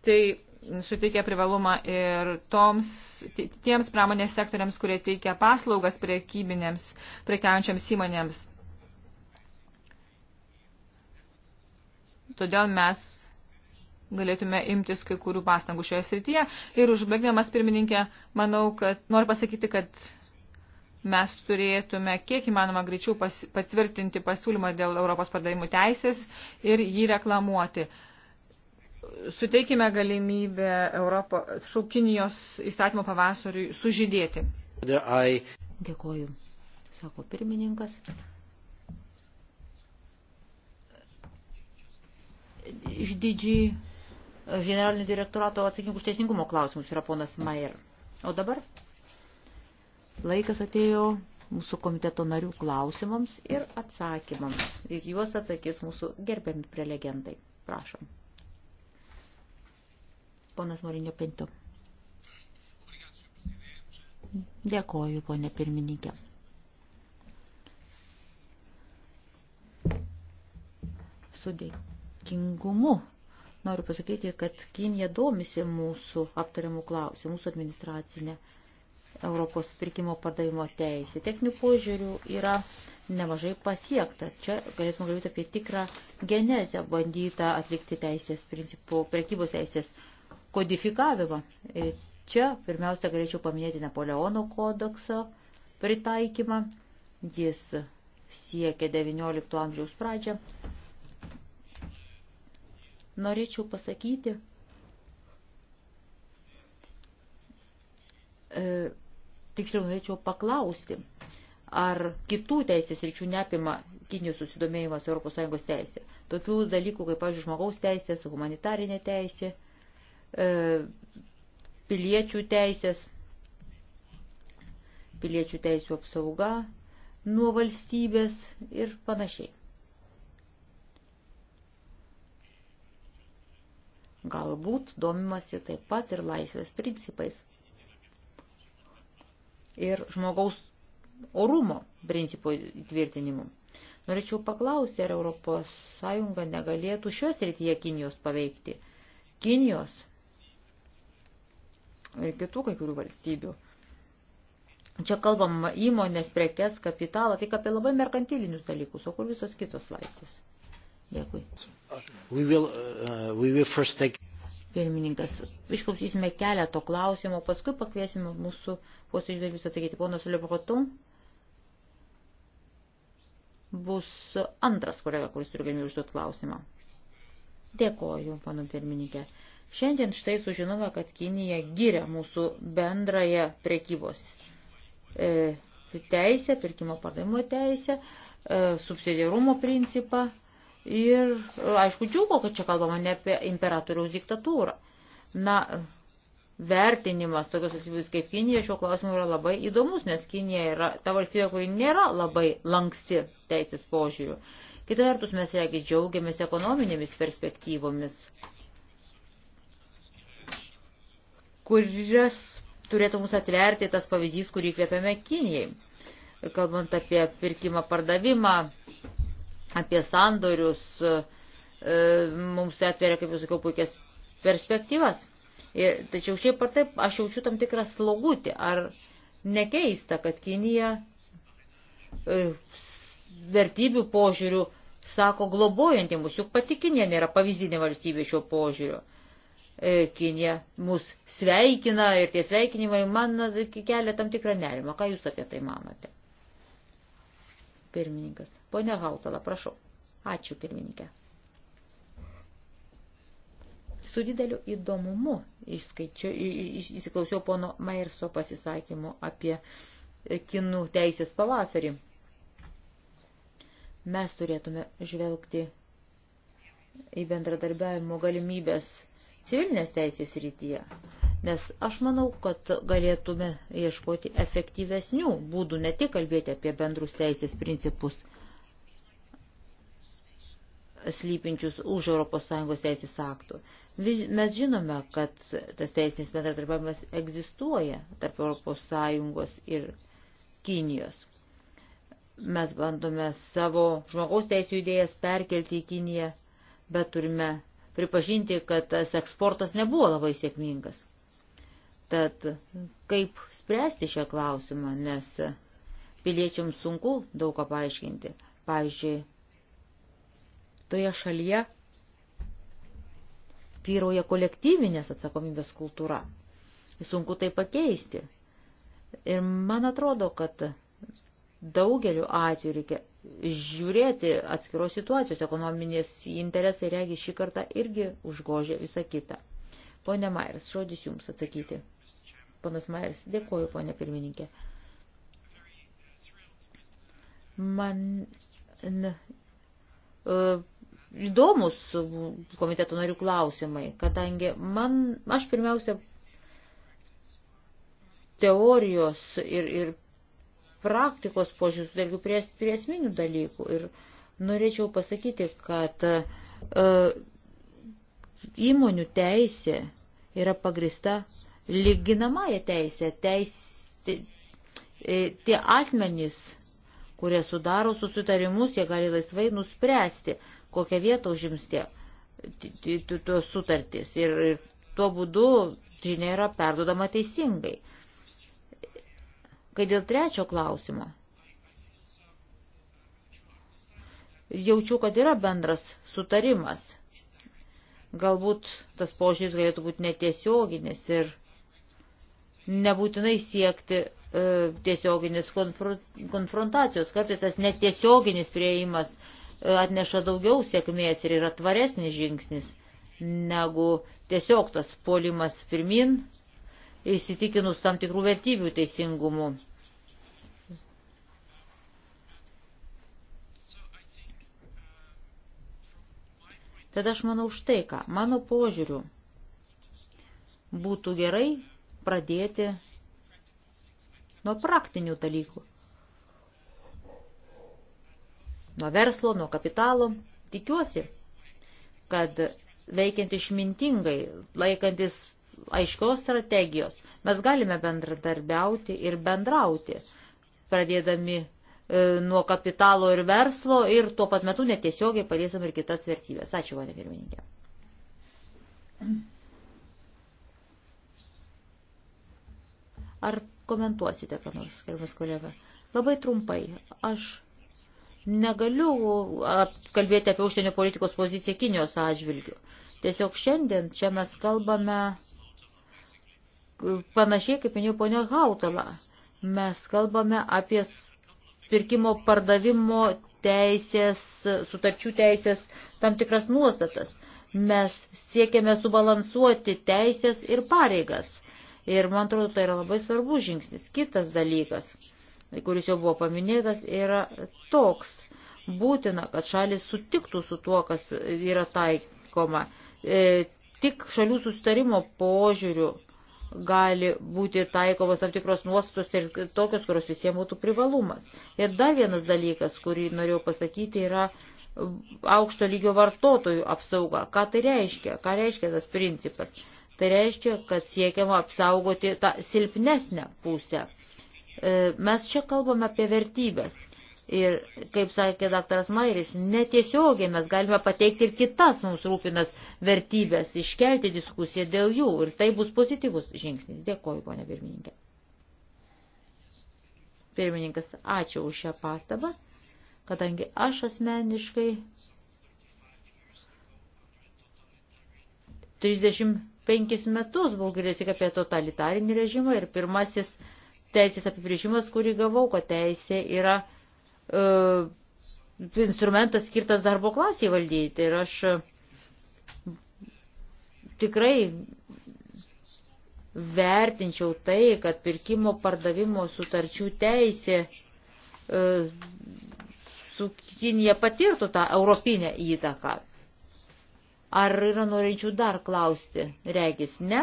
tai suteikia privalumą ir toms, tiems pramonės sektoriams, kurie teikia paslaugas priekybinėms, prekiaujančiams įmonėms. Todėl mes galėtume imtis kai kurių pastangų šioje srityje. Ir užbaigdamas pirmininkė, manau, kad noriu pasakyti, kad mes turėtume kiek įmanoma greičiau pas, patvirtinti pasiūlymą dėl Europos padavimų teisės ir jį reklamuoti. Uh, suteikime galimybę Europo, šaukinijos įstatymo pavasariui sužydėti. Dėkoju, sako pirmininkas. Iš didžiai generalinio direktorato atsakingų už teisingumo klausimus yra ponas Maier. O dabar laikas atėjo mūsų komiteto narių klausimams ir atsakymams. Ir juos atsakys mūsų gerbiami prelegentai. Prašom. Ponas Morinio Pinto. Dėkoju, ponė pirmininkė. Sudėkingumu noriu pasakyti, kad Kinija domisi mūsų aptariamų klausimų, mūsų administracinė Europos pirkimo pardavimo teisė. Techninių požiūrių yra nemažai pasiekta. Čia galėtume kalbėti apie tikrą genezę bandytą atlikti teisės principų, prekybos teisės principų kodifikavimą. E, čia pirmiausia galėčiau paminėti Napoleono kodekso pritaikymą. Jis siekia XIX amžiaus pradžią. Norėčiau pasakyti, e, tiksliau norėčiau paklausti, ar kitų teisės ryčių neapima Kinijos susidomėjimas ES teisė. Tokių dalykų kaip, pavyzdžiui, žmogaus teisės, humanitarinė teisė, E, piliečių teisės, piliečių teisų apsauga nuo valstybės ir panašiai. Galbūt domimasi taip pat ir laisvės principais. Ir žmogaus orumo principų įtvirtinimu. Norėčiau paklausti, ar ES negalėtų šios rytyje Kinijos paveikti. Kinijos ir kitų kai kurių valstybių. Čia kalbam įmonės, prekes, kapitalą, tik apie labai merkantilinius dalykus, o kur visos kitos laisvės. Dėkui. We will, uh, uh we will first take... Pirmininkas, išklausysime keletą klausimų, paskui pakviesime mūsų posėdžių dalyvius atsakyti. Ponas Lebrotum bus antras kolega, kuris turi galimybę užduoti klausimą. Dėkoju, panu pirmininkė. Šiandien štai sužinome, kad Kinija giria mūsų bendrąją prekybos e, teisę, pirkimo pardavimo teisę, e, subsidiarumo principą ir, aišku, džiugo, kad čia kalbama ne apie imperatoriaus diktatūrą. Na, vertinimas tokios valstybės kaip Kinija šiuo klausimu yra labai įdomus, nes Kinija yra ta valstybė, kuri nėra labai lanksti teisės požiūrių. Kita vertus, mes regis džiaugiamės ekonominėmis perspektyvomis kurias turėtų mus atverti tas pavyzdys, kurį kvėpiame Kinijai. Kalbant apie pirkimą pardavimą, apie sandorius, e, mums tai atveria, kaip jūs sakiau, puikias perspektyvas. Ir, tačiau šiaip ar taip, aš jaučiu tam tikrą slogutį. Ar nekeista, kad Kinija e, vertybių požiūrių sako globojantį mus, juk pati Kinija nėra pavyzdinė valstybė šiuo požiūriu. E, Kinė mus sveikina ir tie sveikinimai man kelia tam tikrą nerimą. Ką Jūs apie tai manote? Pirmininkas. Pone Hautala, prašau. Ačiū, pirmininkė. Su dideliu įdomumu įsiklausiau pono Mairso pasisakymu apie kinų teisės pavasarį. Mes turėtume žvelgti į bendradarbiavimo galimybės civilinės teisės rytyje. Nes aš manau, kad galėtume ieškoti efektyvesnių būdų, ne tik kalbėti apie bendrus teisės principus slypinčius už ES teisės aktų. Mes žinome, kad tas teisinis bendradarbiavimas egzistuoja tarp ES ir Kinijos. Mes bandome savo žmogaus teisų idėjas perkelti į Kiniją bet turime pripažinti, kad tas eksportas nebuvo labai sėkmingas. Tad kaip spręsti šią klausimą, nes piliečiams sunku daug ką paaiškinti. Pavyzdžiui, toje šalyje vyrauja kolektyvinės atsakomybės kultūra. Sunku tai pakeisti. Ir man atrodo, kad daugeliu atveju reikia žiūrėti atskiros situacijos, ekonominės interesai regi šį kartą irgi užgožė visą kitą. Pone Mairis, žodis jums atsakyti. Ponas Mairis, dėkoju, ponė pirmininkė. Man na, e, įdomus komiteto narių klausimai, kadangi man, aš pirmiausia teorijos ir, ir praktikos požiūrius, dalykų, prie, prie esminių dalykų. Ir norėčiau pasakyti, kad e, įmonių teisė yra pagrista lyginamąją teisę. Teisė, e, tie asmenys, kurie sudaro susitarimus, jie gali laisvai nuspręsti, kokią vietą užims tie tuos sutartys. Ir, ir tuo būdu žinia yra perdodama teisingai. Kai dėl trečio klausimo, jaučiu, kad yra bendras sutarimas. Galbūt tas požiūris galėtų būti netiesioginis ir nebūtinai siekti e, tiesioginis konfrontacijos. Kartais tas netiesioginis prieimas e, atneša daugiau sėkmės ir yra tvaresnis žingsnis negu tiesiog tas polimas pirmin įsitikinus tam tikrų vertybių teisingumu. Tada aš manau štai ką, mano požiūriu būtų gerai pradėti nuo praktinių dalykų. Nuo verslo, nuo kapitalo. Tikiuosi, kad veikiant išmintingai, laikantis aiškios strategijos. Mes galime bendradarbiauti ir bendrauti, pradėdami e, nuo kapitalo ir verslo ir tuo pat metu netiesiogiai paliesam ir kitas vertybės. Ačiū, ponė pirmininkė. Ar komentuosite, ką nors, gerbiamas kolega? Labai trumpai. Aš negaliu kalbėti apie užsienio politikos poziciją Kinijos atžvilgių. Tiesiog šiandien čia mes kalbame panašiai, kaip minėjo ponia Hautala, mes kalbame apie pirkimo pardavimo teisės, sutarčių teisės tam tikras nuostatas. Mes siekiame subalansuoti teisės ir pareigas. Ir man atrodo, tai yra labai svarbus žingsnis. Kitas dalykas, kuris jau buvo paminėtas, yra toks. Būtina, kad šalis sutiktų su tuo, kas yra taikoma. E, tik šalių sustarimo požiūrių gali būti taikomos tam tikros nuostatos ir tokios, kurios visiems būtų privalumas. Ir dar vienas dalykas, kurį norėjau pasakyti, yra aukšto lygio vartotojų apsauga. Ką tai reiškia? Ką reiškia tas principas? Tai reiškia, kad siekiama apsaugoti tą silpnesnę pusę. E, mes čia kalbame apie vertybės. Ir, kaip sakė daktaras Mairis, netiesiogiai mes galime pateikti ir kitas mums rūpinas vertybės, iškelti diskusiją dėl jų. Ir tai bus pozityvus žingsnis. Dėkoju, ponė pirmininkė. Pirmininkas, ačiū už šią pastabą, kadangi aš asmeniškai 35 metus buvau girdėsi apie totalitarinį režimą ir pirmasis teisės apibrėžimas, kurį gavau, kad teisė yra uh, instrumentas skirtas darbo klasiai valdyti. Ir aš e, tikrai vertinčiau tai, kad pirkimo pardavimo sutarčių teisė uh, su Kinija patirtų tą europinę įtaką. Ar yra norinčių dar klausti? Regis ne.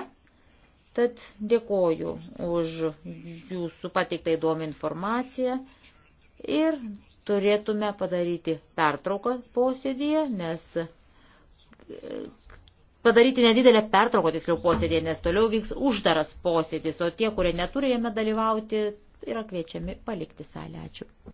Tad dėkoju už jūsų pateiktą įdomią informaciją ir turėtume padaryti pertrauką posėdėje, nes e, padaryti nedidelę pertrauką tiksliau posėdėje, nes toliau vyks uždaras posėdis, o tie, kurie neturi jame dalyvauti, yra kviečiami palikti salę. Ačiū.